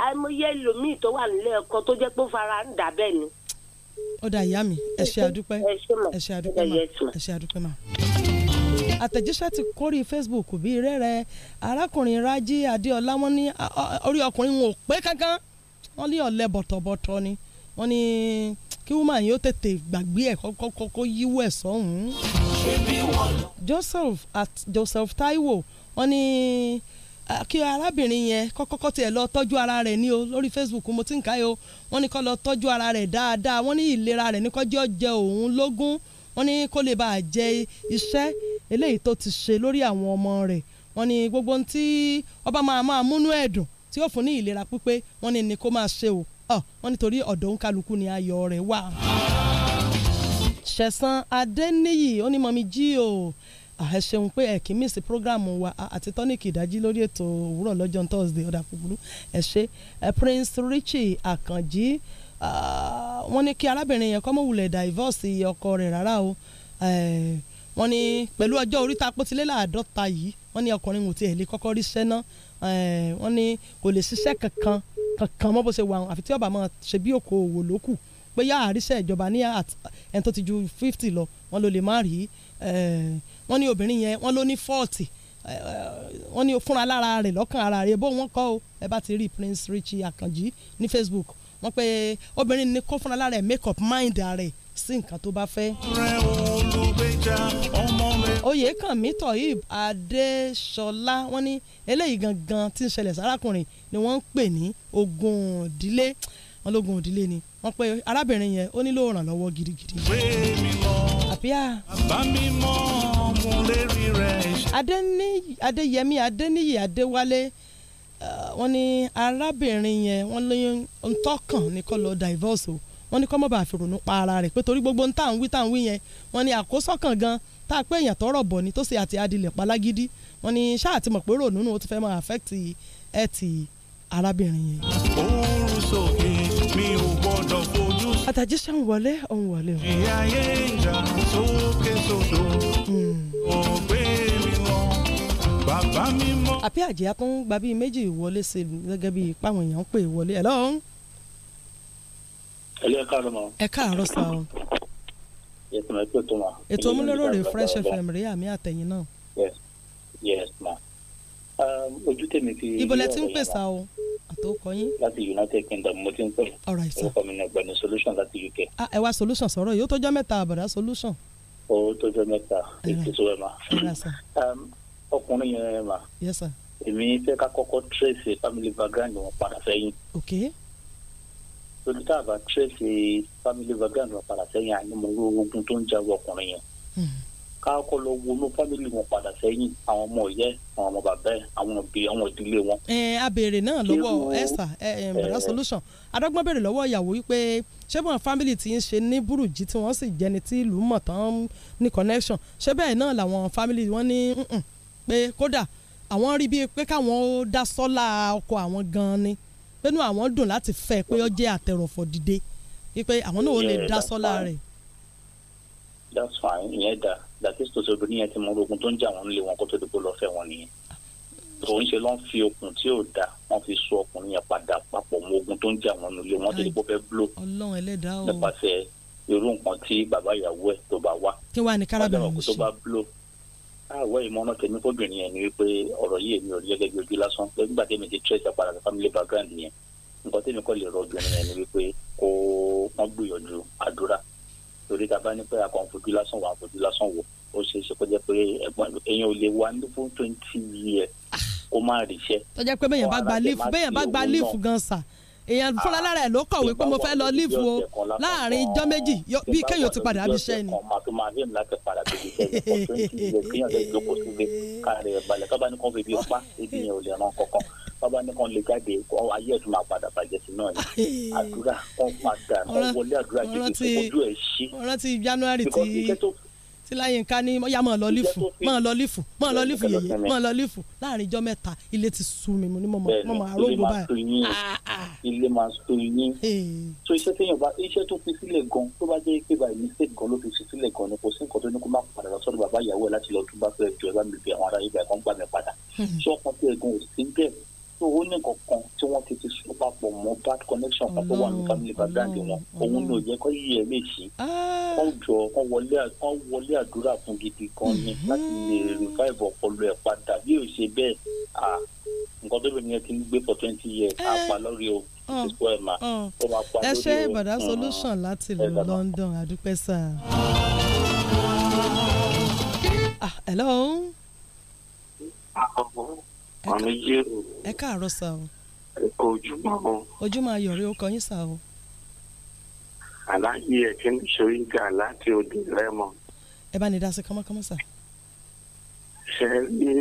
àìmọye ẹlòmíì tó wà nílé ẹ̀kọ́ tó jẹ́ pé fara ń dà bẹ́ẹ̀ ni. ó dà ìyá mi ẹ ṣe àdúpẹ́ ẹ ṣe àdúpẹ́ mà ẹ ṣe àdúpẹ́ mà àtẹ̀jíṣẹ́ ti kórìí Facebook bíi rẹ́rẹ́ arákùnrin Rájí Adéọlá wọn ní orí ọkùnrin wọn ò pé kankan wọn lé ọ̀lẹ bọ̀tọ̀bọ̀tọ̀ ni wọn ní kí woman yóò tètè gbàgbé ẹ̀ kọ́kọ́ yíwọ́ ẹ̀ sọ́hún. Joseph at Joseph Taiwo wọn ní kí arábìnrin yẹn kọ́kọ́kọ́ tiẹ̀ lọ tọ́jú ara rẹ̀ ní o lórí Facebook mo ti ń ká yìí o ní kó lọ tọ́jú ara rẹ̀ dáadáa wọ́n ní ìlera rẹ̀ ní kó jẹ òun lógún wọ́n ní kó lè bá a jẹ iṣẹ́ eléyìí tó ti ṣe lórí àwọn ọmọ rẹ̀ wọ́n ní gbogbo ohun tí ọba máa máa múnú ẹ̀dùn tí ó fún ní ìlera pípé wọ́n ní ni kó máa ṣe o wọ́n nítorí ọ̀dọ̀ ń kálukú ni ayọ̀ rẹ̀ wà. ṣẹ̀san adẹ́níyì onímọ̀mí jí o ẹ ṣeun pé ẹ kì í mísí prógráàmù wa àti tọ́níkì ìdájí lórí ètò òwúrọ̀ lọ́jọ́ thursday ọ̀dà kúkúrú ẹ ṣe prince richie akànjí Ah, wọ́n ní kí arábìnrin yẹn kọ́mọ̀ wulẹ̀ divorce ọkọ rẹ̀ rárá o eh, wọ́n ní pẹ̀lú ọjọ́ orí ta pótílé láàdọ́ta yìí wọ́n ní ọkùnrin ò tiẹ̀ lè kọ́kọ́ rí iṣẹ́ ná eh, wọ́n ní kò lè ṣiṣẹ́ kankan kankan mọ́ bó ṣe wà àfi tí ọba máa ṣe bí okòòwò lókù pé yá àríṣẹ́ ìjọba ní ẹni tó ti ju fifty lọ wọ́n ló lè má rí eh, wọ́n ní obìnrin yẹn wọ́n ló ní forty wọ́n ní fúnra lára rẹ̀ lọ́kàn ara rẹ̀ bó wọ́n kọ́ o ẹ bá ti rí Prince Richie Akanji ní Facebook wọ́n pé obìnrin ní kó fúnra lára ẹ̀ make up mind rẹ̀ sí nǹkan tó bá fẹ́. oyè kan mi tohib adéṣọlá wọ́n ní eléyìí gangan tí ń ṣẹlẹ̀ sárakùnrin ni wọ́n ń pè ní ogun ìdílé wọ́n lógun ìdílé ni wọ́n pé arábìnrin yẹn ó nílò ìrànlọ́wọ́ gidigidi. àbíà. bá mi adéwálé. Adé Eh, wọ́n ní arábìnrin yẹn wọ́n lóyún ntọ́kàn ní kó lọ divorce o wọ́n ní kó má bàa fi pa ara rẹ̀ pé torí gbogbo ń tà wí tà wí yẹn wọ́n ní àkósọ́kàn gan tá a pé èèyàn tọrọ bọ̀ ni tó ṣe àti adilẹ̀ palágídí wọ́n ní ṣáà ti mọ̀ pé ronú nu ó ti fẹ́ máa affect ẹ ti arábìnrin yẹn. oorun sókè mi ò gbọ́dọ̀ fojú. àtàjẹ́ ṣe wọlé ọ̀hún wọlé o. ìyá yé ìjà sókè sódò. Hmm. ọ̀gbẹ́ bàbá mi mọ́. àbí àjẹ́ tó gba bíi méjì wọlé sí gẹ́gẹ́ bíi páwọn èèyàn ń pè wọlé ẹ̀ lọ́hún. ẹ káàárọ̀ mọ́. ẹ káàárọ̀ sá o. ètò omúlérò rè Fresh FM rèé àmì àtẹ̀yìn náà. yes ma um, ojú tèmi fi. ibo lẹ ń pèsè o àtòkọ yín. láti United Kingdom mo ti ń pè. ọ̀rọ̀ ìsà orúkọ mi ni ọ̀gbẹ́ni solution láti UK. ẹ wá solution sọ̀rọ̀ yìí ó tọ́jọ́ mẹ́ta àbàdà solution. ó tọ́jọ́ mẹ́ta ètò ìṣòwò ẹ̀ ma ọkùnrin yẹn mà èmi fẹ́ ká kọ́kọ́ trace family background wọn padà sẹ́yìn. ok. lórí tá a bá family background wọn padà sẹ́yìn ànímọ̀rú ogun tó ń jagun ọkùnrin yẹn. Hmm. ká kọ́ lọ wọnú family wọn padà sẹ́yìn àwọn ọmọ ìyẹ́ àwọn ọmọ bàbá ẹ̀ àwọn òbí àwọn ìdílé wọn. ẹ a náà lọ́wọ́ esther ẹ ẹ bàdá solution adágbọ́n béèrè lọ́wọ́ ìyàwó wípé ṣé bọ́n family ti ń ṣe ní burújí tí wọ́n sì jẹni tí ìlú mọ̀ tán ní connection ṣé bẹ́ẹ̀ náà làwọn family wọn ní pé kódà àwọn rí bíi pé káwọn ó dá sọ́lá ọkọ àwọn gan-an ni pẹ̀lú àwọn dùn láti fẹ́ pé ó jẹ́ àtẹ̀rọ̀fọ̀ dìde wípé àwọn náà ó lè dá sọ́lá rẹ̀. that's fine ìyẹn da that is to say obìnrin yẹn ti mọ ogun tó ń jà wọn lé wọn kó tó dìbò lọ fẹ́ wọn nìyẹn òun ṣe ló fi okùn tí ò da wọn fi so ọkùnrin yẹn padà papọ̀ mọ ogun tó ń jà wọn nílé wọn tó dìbò fẹ́ blow àwọ̀ ìmọ̀ràn tèmi fóbìnrin yẹn ni wípé ọ̀rọ̀ yìí èmi ò rí gẹ́gẹ́ bí ojú lásán pé nígbà tèmi ti trace apara the family background yẹn nǹkan tèmi kọ́ lè rọ obìnrin yẹn ni wípé kó wọ́n gbìyànjú àdúrà torí tá a bá ní pé akọ̀ fojú lásán wà fojú lásán wò ó ṣeé ṣe kó jẹ́ pé ẹ̀gbọ́n èèyàn ò lè wà ní fún twenty years ah. kó má ríṣẹ́. tó jẹ́ pé bẹ́yàn bá gba lífù gan-an sà èèyàn fúnra lára ẹ̀ ló kọ̀wé pé mo fẹ́ lọ lífù o láàrin ijọ́ méjì bí kéèyàn ti padà bí iṣẹ́ ni. ní kàn lè ràn kankan ayé ẹ̀ tó máa padà bàjẹ́ sí náà ni àdúrà kan padà wọlé àdúrà jẹ́ kí ojú ẹ̀ ṣí. ọ̀rọ̀ ti January ti tí láyínká ní yá máa lọ lífù máa lọ lífù máa lọ lífù yèyé máa lọ lífù láàrin ijọ́ mẹ́ta ilé ti sú mi mo ní mọ̀mọ́ mọ̀mọ́ àrògbò báyìí. Ah, ah, ah. ilé máa sọ yín so iṣẹ́ téèyàn bá iṣẹ́ tó fi sílẹ̀ gan tó bá jẹ́ pé báyìí ní state gan ló fi sílẹ̀ gan ni kò sí nǹkan tó ní kó má padà lọ sọ́dọ̀ bàbá ìyàwó ẹ̀ láti lọ tún bá fẹ́ jọ ẹ bá mi bí àwọn ará yìí bá ẹ̀ kàn gbà mí padà hmm so ó ní kankan tí wọ́n ti ti sọ papọ̀ mọ́ bad connection kan wà ní mm-hmm. family background mm-hmm. wọn òun ló yẹ kó yí ẹ léṣe ah. jọ wọ́n wọlé àdúrà fún gidi kan ni mm-hmm. láti lè revive ọpọlọ ẹ̀ padà bí ó ṣe bẹ́ẹ̀ à nǹkan tó bẹ̀rẹ̀ ti ń gbé for twenty years àpá eh. lórí o ìsìnkú ẹ̀ máa tó máa pa lórí o. ẹ ṣe ìbàdà solution láti lu London àdúpẹ́ sà. Ah, hello. Ah, àmì jèrò. ẹ káàárọ̀ sá o. ẹ kọ ojúmọ́ o. ojúmọ́ ayọ̀ rẹ ó kọ yín sá o. aláàjì ẹ kí ni sori ga láti òde rẹmọ. ẹ bá ní dasí kọ́mọ́kọ́mọ́ sá. ṣe rí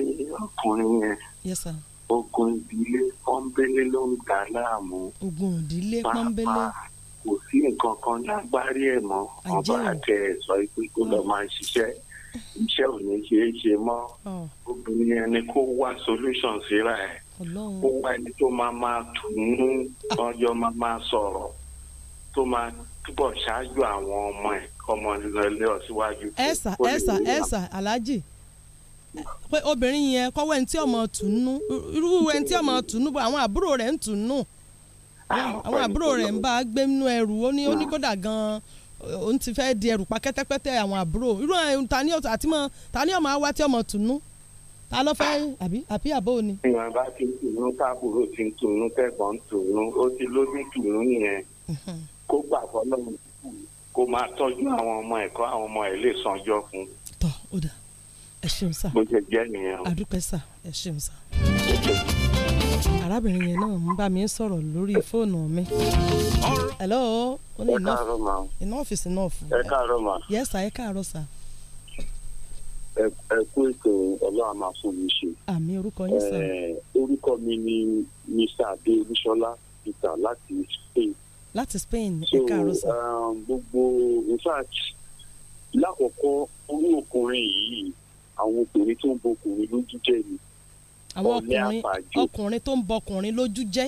ọkùnrin yẹn. yes sir. ogun ìdílé pọ́ńbélé ló ń dà láàmú. ogun ìdílé pọ́ńbélé. pàápàá kò sí nǹkan kan lágbárí ẹ̀ mọ́ ọba àtẹ ẹ̀ sọ pé kó lọ́ọ́ máa ṣiṣẹ́ iṣẹ́ ò ní ṣe é ṣe mọ́ obìnrin yẹn ni kó wá solution síra ẹ̀ kó wá ẹni tó máa máa tùnú ah. ọjọ́ máa máa sọ̀rọ̀ tó máa túbọ̀ ṣáájú àwọn ọmọ ẹ̀ ọmọ ilé ọ̀síwájú. ẹ̀sà ẹ̀sà ẹ̀sà aláàjì pé obìnrin yẹn kọ́wọ́ ẹni tí ọmọ tùnú irú ẹni tí ọmọ tùnú bọ́ àwọn àbúrò rẹ̀ ń tùnú ah, àwọn àbúrò rẹ̀ ń bá gbé nínú ẹrù ó ní ah. kódà gan-an òun ti fẹ́ di ẹrù pa kẹ́tẹ́kẹ́tẹ́ àwọn àbúrò irú àwọn tani ọ̀tọ̀ àti mọ tani ọmọ awa tí ọmọ tùnú ta ló fẹ́ àbí àbí àbó ni. ìwọ̀n bá ti tùnú táàbùrò ti ń tùnú kẹ́kọ̀ọ́ ó ti lójú tùnú yẹn kó gbà fọlọ́ kó máa tọ́jú àwọn ọmọ ẹ̀kọ́ àwọn ọmọ ẹ̀ lè sanjọ́ fún. tọ́ ó dà ẹ ṣeun sá. bó ṣe jẹ́ nìyẹn o. àdúpẹ́ sá ẹ ṣeun sá arábìnrin yẹn náà ń bá mi sọ̀rọ̀ lórí fóònù mi. hello ó ní iná ọ́fíìsì náà fún ẹ. ẹ káàárọ̀ mà. yes sir ẹ káàárọ̀ sir. ẹ kú ètò ọlọ́run àmà fún mi ṣe. àmì orúkọ yín sọ. orúkọ mi ni mr adeolusola peter láti spain. láti spain ẹ káàárọ̀ sir. so um, gbogbo in fact lákọ̀ọ́kọ́ orí ọkùnrin yìí àwọn obìnrin tó ń bo ọkùnrin lójú jẹ́ ni àwọn ọkùnrin ọkùnrin tó ń bọkùnrin lójú jẹ́.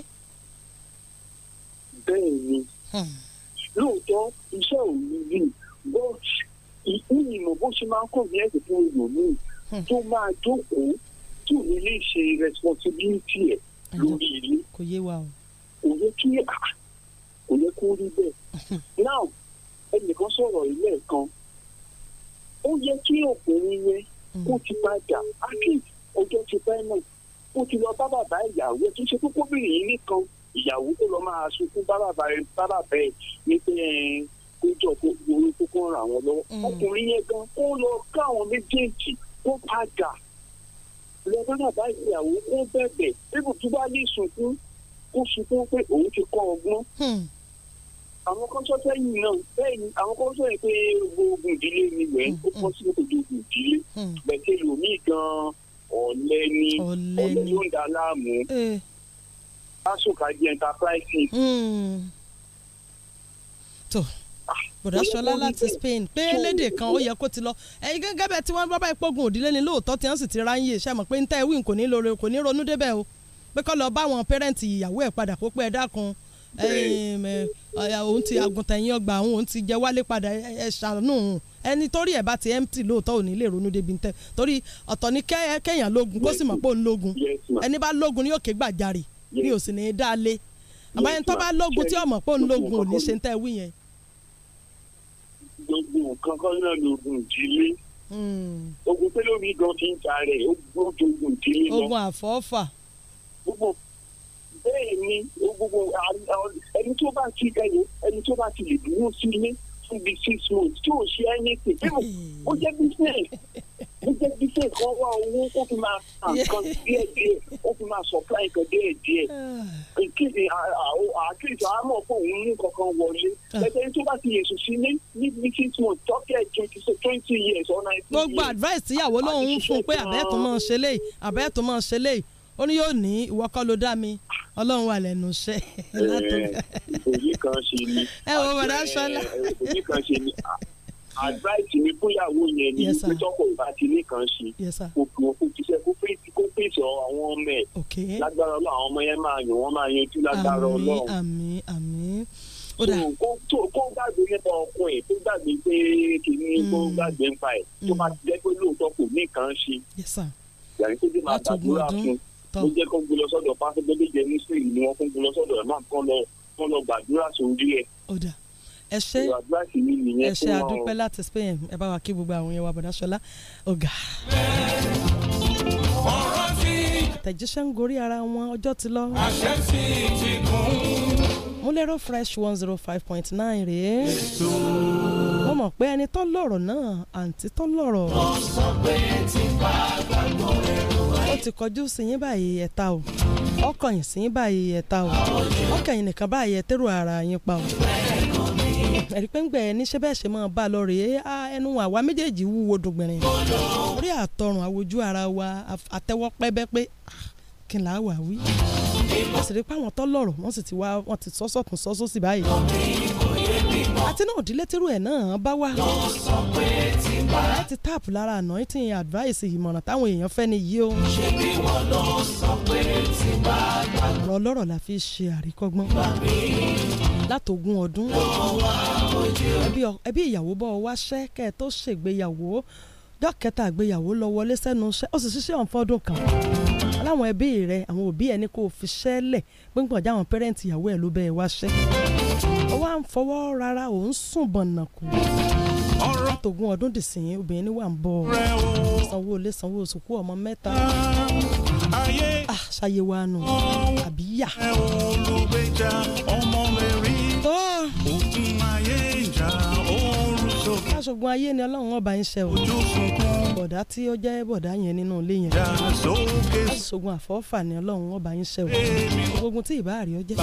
bẹ́ẹ̀ ni hmm. lóòótọ́ iṣẹ́ ò ní rí but ìmọ̀ bó ṣe máa ń kó ní ẹ̀sìn fún ìlòmíì hmm. tó máa jókòó tí ò ní lè ṣe responsibility ẹ̀ lórí ilé. kò yé wa o. kò yẹ kí kò yẹ kó rí bẹ́ẹ̀. Hmm. now ẹnìkan sọ̀rọ̀ ilé ẹ̀kan ó yẹ kí ọkùnrin yẹn kó ti padà at least ọjọ́ ti pẹ́ náà ó ti lọ bá bàbá ìyàwó tó ṣe kókó bìrì yìí nìkan ìyàwó kó lọ máa sunkún bá bàbá rẹ bá bàbá ẹ ní pé kó jọ kó orí kókó ràn àwọn lọ́wọ́ mm. ọkùnrin yẹn gan kó lọ káwọn méjèèjì kó padà lọ bá bàbá ìyàwó kó bẹ̀bẹ̀ bíbù tó bá ní sunkún kó sunkún pé òun ti kọ́ ọgbọ́n hmm. àwọn kan sọ sẹ́yìn náà bẹ́ẹ̀ ni àwọn kan sọ pé gbogbo ìdílé ni wẹ́ẹ́ ó pọ̀ sí gbogbo ìdílé hmm. bẹ̀tẹ̀ lòmíì gan-an ọ̀lẹ́ ni ọ̀lẹ́ ló ń da láàmú lásùkàjì enterprises. Hmm. tó bọ̀dá sọlá láti Spain pé elédè kan ó yẹ kó ti lọ ẹ̀yin gẹ́gẹ́ bẹ́ẹ̀ tí wọ́n bá bá ìpógun òdílé ni lóòótọ́ tí wọ́n sì ti ráyè ṣàmọ̀ pé níta ewì kò ní lóore kò ní ronú débẹ̀ o pé kọ́ lọ bá àwọn pẹ́rẹ́ǹtì ìyàwó ẹ̀ padà kó pé ẹ dákun òun ti àgùntàn yín ọgbà òun ti jẹ wálé padà ẹ ṣàánú òun ẹni torí ẹ̀ bá ti empty lóòótọ́ ò ní lè ronú débi ń tẹ́ torí ọ̀tọ̀ ni kẹ́yàn lógun kó sì mọ̀ pé òun lógun ẹni bá lógun ni yóò ké gbàjarè ni ò sì ní í dá lé àmọ́ ẹni tó bá lógun tí ọmọ pé òun lógun ò ní ṣe ń tẹ́ wí yẹn. gbogbo nǹkan kan náà lóògùn ìdílé hmm. ogun pé lórí gan fi ń ta rẹ̀ ó gbóògùn ìdílé náà. ogun àfọ́fà. gbogbo bẹ́ẹ̀ ni gbogbo ẹni tó bá ti ẹni tó bá ti lè dúró sílé two big six months tí ò ṣe anything tí ó jẹ́ business ó jẹ́ business kan wá owó ó fi máa ta nǹkan díẹ̀ díẹ̀ ó fi máa supply nǹkan díẹ̀ díẹ̀ kéde àkíyèsí àmọ́ fún òun mú kankan wọlé ah. ẹgbẹ́ tó bá ti yẹ̀sùn sí ní ní big six months tọ́kẹ́ twenty twenty years or nineteen years. gbogbo advice tíyàwó lòun ń fún pé àbẹ́ẹ̀tún máa ṣe léyìí àbẹ́ẹ̀tún máa ṣe léyìí ó ní yóò ní ìwọ kọ́ ló dá mi ọlọ́run wà lẹ́nu iṣẹ́. Eh, òyì kan ṣe ni ẹ wo bàdá sọlá eh, òyì kan ṣe ni advice mi fúnyàwó yẹn ni pé ìbá ti ní kan ṣe kò kò jíṣẹ́ kó pè àwọn ọmọ ẹ̀ lágbára ọlọ́run àwọn ọmọ yẹn máa yàn wọ́n máa yanjú lágbára ọlọ́run. kó gbàgbé nípa ọkùnrin tó gbàgbé pé kìíní hmm. kó gbàgbé nípa ẹ̀ tó bá ti hmm. pé lóòótọ́ kò ní kan ṣe. yàrá ìpèsè máa gbàdúrà fún un ló jẹ́ kó gbé lọ sọ́dọ̀ pásítọ̀ gbẹ́gbẹ́jẹ muslim ni wọ́n fún gbé lọ sọ́dọ̀ imam kán lọ kán lọ gbàdúrà sórí ẹ̀. ọ̀dà ẹ ṣé ẹ ṣé a láti Spain ẹ bá wa kí gbogbo àwọn yẹn wà bọ̀dá ṣọlá ọ̀gá àtẹ̀jíṣẹ́ ń gorí ara wọn ọjọ́ ti lọ. àṣẹ sì ti kún. múlẹ́rọ̀ fresh one zero five point nine rèé. ètò. mo mọ̀ pé ẹni tó lọ̀rọ̀ náà àǹtí tó lọ̀rọ̀. ó sọ pé ti fa gbàgbọ́ ẹ̀rọ ayé. ó ti kọjú sí yín báyìí ẹ̀ta o ọkàn yìí sí yín báyìí ẹ̀ta o ọkàn nìkan báyìí ẹ̀tẹ́rù ara yín pa o ẹ̀rí pé ń gbẹ̀ níṣẹ́ bẹ́ẹ̀ ṣe máa bá a lọ rèé ẹnu àwa méjèèjì wúwo dùgbìnrin orí àtọrùn àwojú ara wa àtẹwọ́ pẹ́bẹ́ pé ah, kí n là á wà wí. wọ́n sì rí pé àwọn tó lọ́rọ̀ wọ́n sì ti wá wọ́n ti sọ́sọ́ kún sọ́sọ́ sí báyìí. àti náà òdílé tírú ẹ̀ náà bá wà. ẹ ti táàpù lára àná ẹ ti advice ìmọ̀ràn táwọn èèyàn fẹ́ ni yìí o. ọ̀rọ̀ ọlọ́rọ̀ la fi ṣe àríkọ́gbọ́n látògún ọdún ẹbí ìyàwó bọ́ ọ wáṣẹ́ kẹ́ ẹ tó ṣègbéyàwó ọjọ́ kẹta àgbéyàwó lọ wọlé sẹ́nu iṣẹ́ ó sì ṣiṣẹ́ ọ̀n fọ́dún kan aláwọn ẹbí rẹ àwọn òbí ẹ ní kó o fi ṣẹ́lẹ̀ gbẹ̀ngbọ̀n já àwọn pẹ́rẹ́ǹtì ìyàwó ẹ ló bẹ́ẹ̀ wáṣẹ́ ó wá ń fọwọ́ rárá ò ń sùn bọ̀nà kù látògún ọdún dìsìn obìnrin ni wà ń bọ̀ sanwó ilé sanwó oṣù kú ọmọ mẹ́ta ah ṣayé wa nù àbí yà. ẹ ò ló gbèjà ọmọ rẹ̀ rí òkun ayé ìjà ni ọlọ́run ọba ń ṣe o. bọ̀dá tí ó jẹ́ bọ̀dá yẹn nínú ilé yẹn. ìjà àfọ́fà ni ọlọ́run ọba ń ṣe o. ogun tí ìbá rí ọ jẹ́.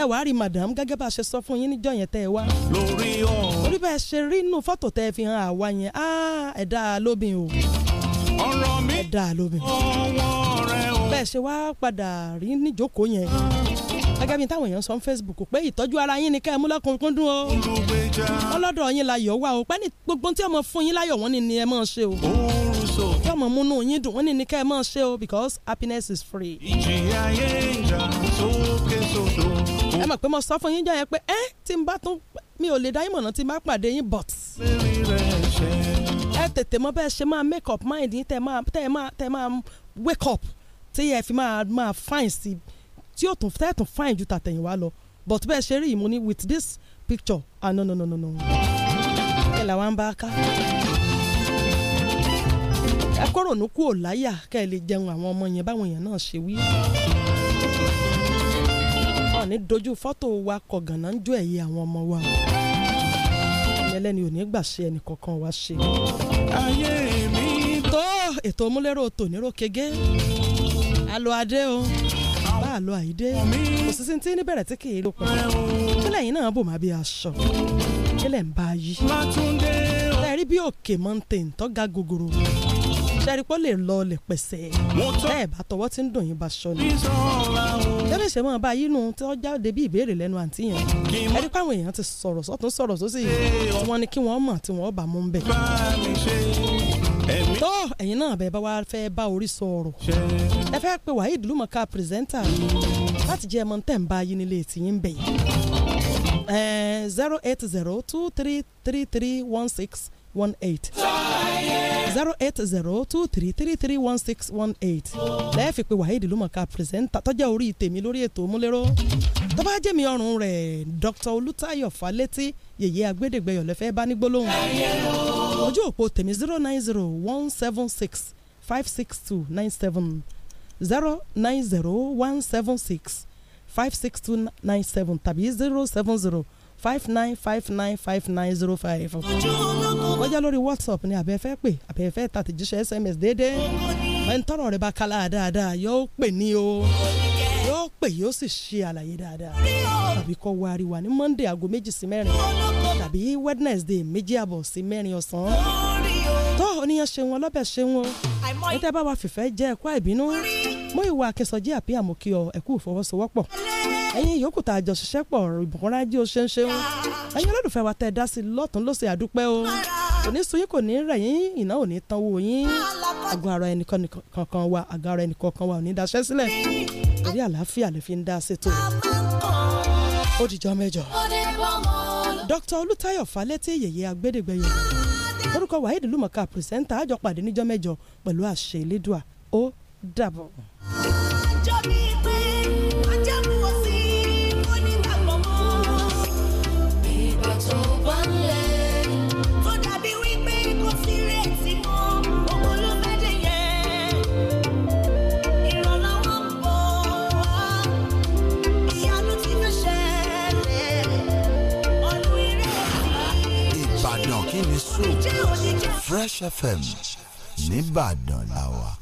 ẹ wàá rí madam gẹ́gẹ́ bá a ṣe sọ fún yín níjọ́ yẹn tẹ́ ẹ wá. lórí ọ. orí ṣe rí inú fọ́tò tẹ́ ẹ fi hàn àwa yẹn ah, ẹ̀dá lóbìn o. ọ̀rọ̀ mi dáa lómi bẹ́ẹ̀ ṣe wá padà rí níjókòó yẹn gẹ́gẹ́ bí táwọn èèyàn sọ ní Facebook pé ìtọ́jú ara yín ni ká ẹ mú dún o ọlọ́dọ̀ yín láyọ̀ wá o pẹ́ni gbogbo tí ọmọ fún yín láyọ̀ wọ́n ní ni ẹ máa ṣe o tí ọmọ múnú yín dùn wọ́n ní ni ká máa ṣe o because happiness is free. ìjì ayé ìjà sókè sódò. ẹ mọ̀ pé mo sọ fún yín jẹ́ yẹn pé ẹ́ tí n bá tún mi ò lè dá yín mọ̀nà tí n tètè mọ bẹ́ẹ̀ ṣe máa make up mind yín tẹ́ máa tẹ́ máa tẹ́ wake up tí yẹ fi máa máa fine sí tí yóò tún tẹ́ tún fine ju tàtẹ̀yìnwá lọ but bẹ́ẹ̀ ṣe rí ìmúni with this picture ah no no no no no ẹ làwọn bá ká ẹ kọ́rònú kú ò láyà kẹ́ ẹ lè jẹun àwọn ọmọ yẹn báwọn èèyàn náà ṣe wí. ọ̀ọ́ni dojú fọ́tò wa kọ̀gànà ń jó ẹ̀yẹ àwọn ọmọ wa ẹlẹ́ni ò ní gbà ṣe ẹnì kankan wá ṣe. ayé mi. tó ètò múlẹ́rọ̀ tòní alo adé o bá a lo àyídé kò sí ti ní bẹ̀rẹ̀ tí kì í lò pọ̀ kílẹ̀ yìí náà bò má bí aṣọ kílẹ̀ ń bá yí. látúndé o. lẹ́ẹ̀rí bí òkè mountain tó ga gògòrò ṣẹ́rí pé ó lè lọ ọlẹ̀ pẹ̀sẹ̀ bẹ́ẹ̀ bá tọwọ́ tí ń dùn yín bá ṣọ ni. jẹ́rìí ṣe máa bá yínú tí wọ́n jáde bí ìbéèrè lẹ́nu àǹtí yẹn ẹ̀rí pé àwọn èèyàn ti sọ̀rọ̀ sọ́tún sọ̀rọ̀ sósì tí wọ́n ní kí wọ́n mọ̀ tí wọ́n bá mú ń bẹ̀. tó ẹ̀yin náà bẹ́ẹ̀ bá wá fẹ́ bá orí sọ̀rọ̀ ẹ fẹ́ pe Waheed Lumaka pírẹsẹ́ńtà láti jẹ́ ẹmọ tẹ̀ ń bá yín nílé tìyín bẹ̀yìn zero eight zero two three three three one six 18 08023331618 lẹ́ẹ̀fì pé Waheed Lumaka pírẹsẹ́ńtà tọ́jà orí tèmi lórí ètò múlẹ́rọ́ tó bá jẹ́mi ọrùn rẹ̀ Dr. Olùtayọ̀ Fálétí yèyé agbẹ́dẹ́gbẹ́yọ̀ lẹ́fẹ́ bá ní gbólóhùn ojú òpó tèmi 09017656297 09017656297 tàbí 070 five nine five nine five nine zero five. bóyá lórí whatsapp ni àbẹ̀ fẹ́ pè àbẹ̀ fẹ́ tàtẹ̀jíṣẹ́ sms déédéé ẹni tọrọ rẹ bá kálá dáadáa yóò pè ní o yóò pè yóò sì ṣe àlàyé dáadáa tàbí kọ́ wa ariwa ní monday aago méjì sí mẹ́rin tàbí wednesday méjì àbọ̀ sí mẹ́rin ọ̀sán tó oníyan ṣe wọn lọ́bẹ̀ ṣe wọn ní tẹ́ bá wa fìfẹ́ jẹ́ ẹ̀kọ́ ìbínú mú ìwà akẹ́sọ̀jẹ́ àbí àmọ́kí ọ ẹ̀kú ìfọwọ́sowọ́pọ̀ ẹ̀yin yòókù tá a jọ ṣiṣẹ́ pọ̀ ìbùkún rájí o ṣe ń ṣe wọn ẹ̀yin olólùfẹ́ wa tẹ́ ẹ dá sí lọ́tún lọ́sẹ̀ àdúpẹ́ o kò ní sunyín kò ní rẹ̀ yín iná ò ní tanwó yín àgọ́ ara ẹnì kankan wa àgọ́ ara ẹnì kankan wa ò ní daṣẹ́ sílẹ̀ torí àlàáfíà lè fi ń dá a ṣètò ó dìjọ́ mẹ́jọ. Dr. Olútáyọ̀ Fálétí yèyé agbẹ́dẹ́gbẹ́yẹ orúkọ Waheed Lumọ̀ká pìrìsẹ́ńtà àjọpàdé níjọ́ mẹ́jọ pẹ̀lú àṣẹ Elédùà ó dàbọ̀. Fresh FM nìbàdàn la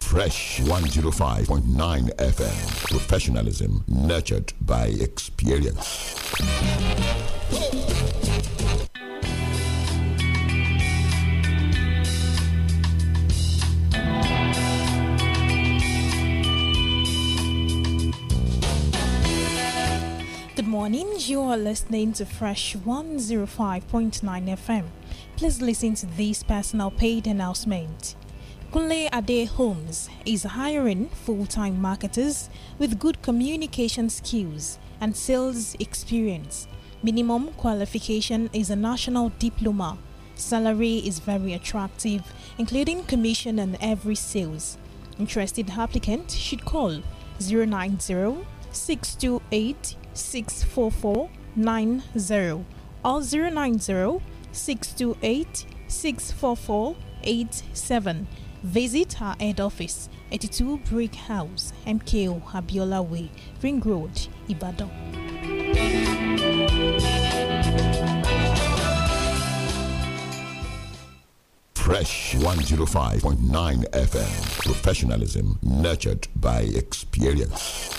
Fresh 105.9 FM. Professionalism nurtured by experience. Good morning. You are listening to Fresh 105.9 FM. Please listen to this personal paid announcement. Kunle Ade Holmes is hiring full-time marketers with good communication skills and sales experience. Minimum qualification is a national diploma. Salary is very attractive, including commission on every sales. Interested applicant should call 090 628 or 090 628 644 87. Visit our head office, 82 Brick House, MKO Abiola Way, Ring Road, Ibadan. Fresh 105.9 FM. Professionalism nurtured by experience.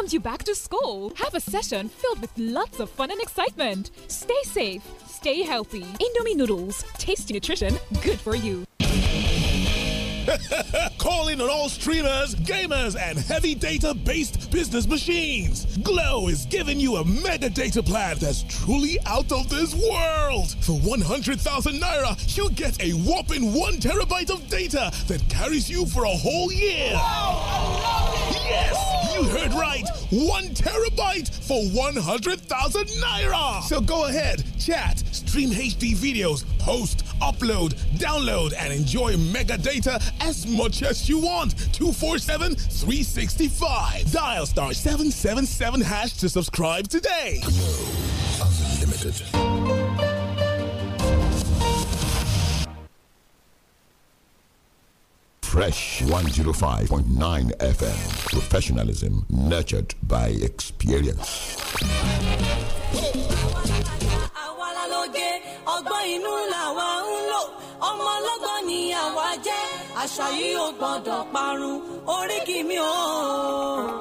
welcomes you back to school. Have a session filled with lots of fun and excitement. Stay safe, stay healthy. Indomie noodles, tasty nutrition, good for you. Calling on all streamers, gamers, and heavy data based business machines. Glow is giving you a mega data plan that's truly out of this world. For 100,000 naira, you get a whopping 1 terabyte of data that carries you for a whole year. Wow, yes! You heard right. One terabyte for 100,000 naira. So go ahead, chat, stream HD videos, post, upload, download, and enjoy mega data as much as you want. 247 365. Dial star 777 hash to subscribe today. Glow Unlimited. Fresh 105.9 FM. Professionalism nurtured by experience. ò gbọ́dọ̀ parun oríkì mi ò.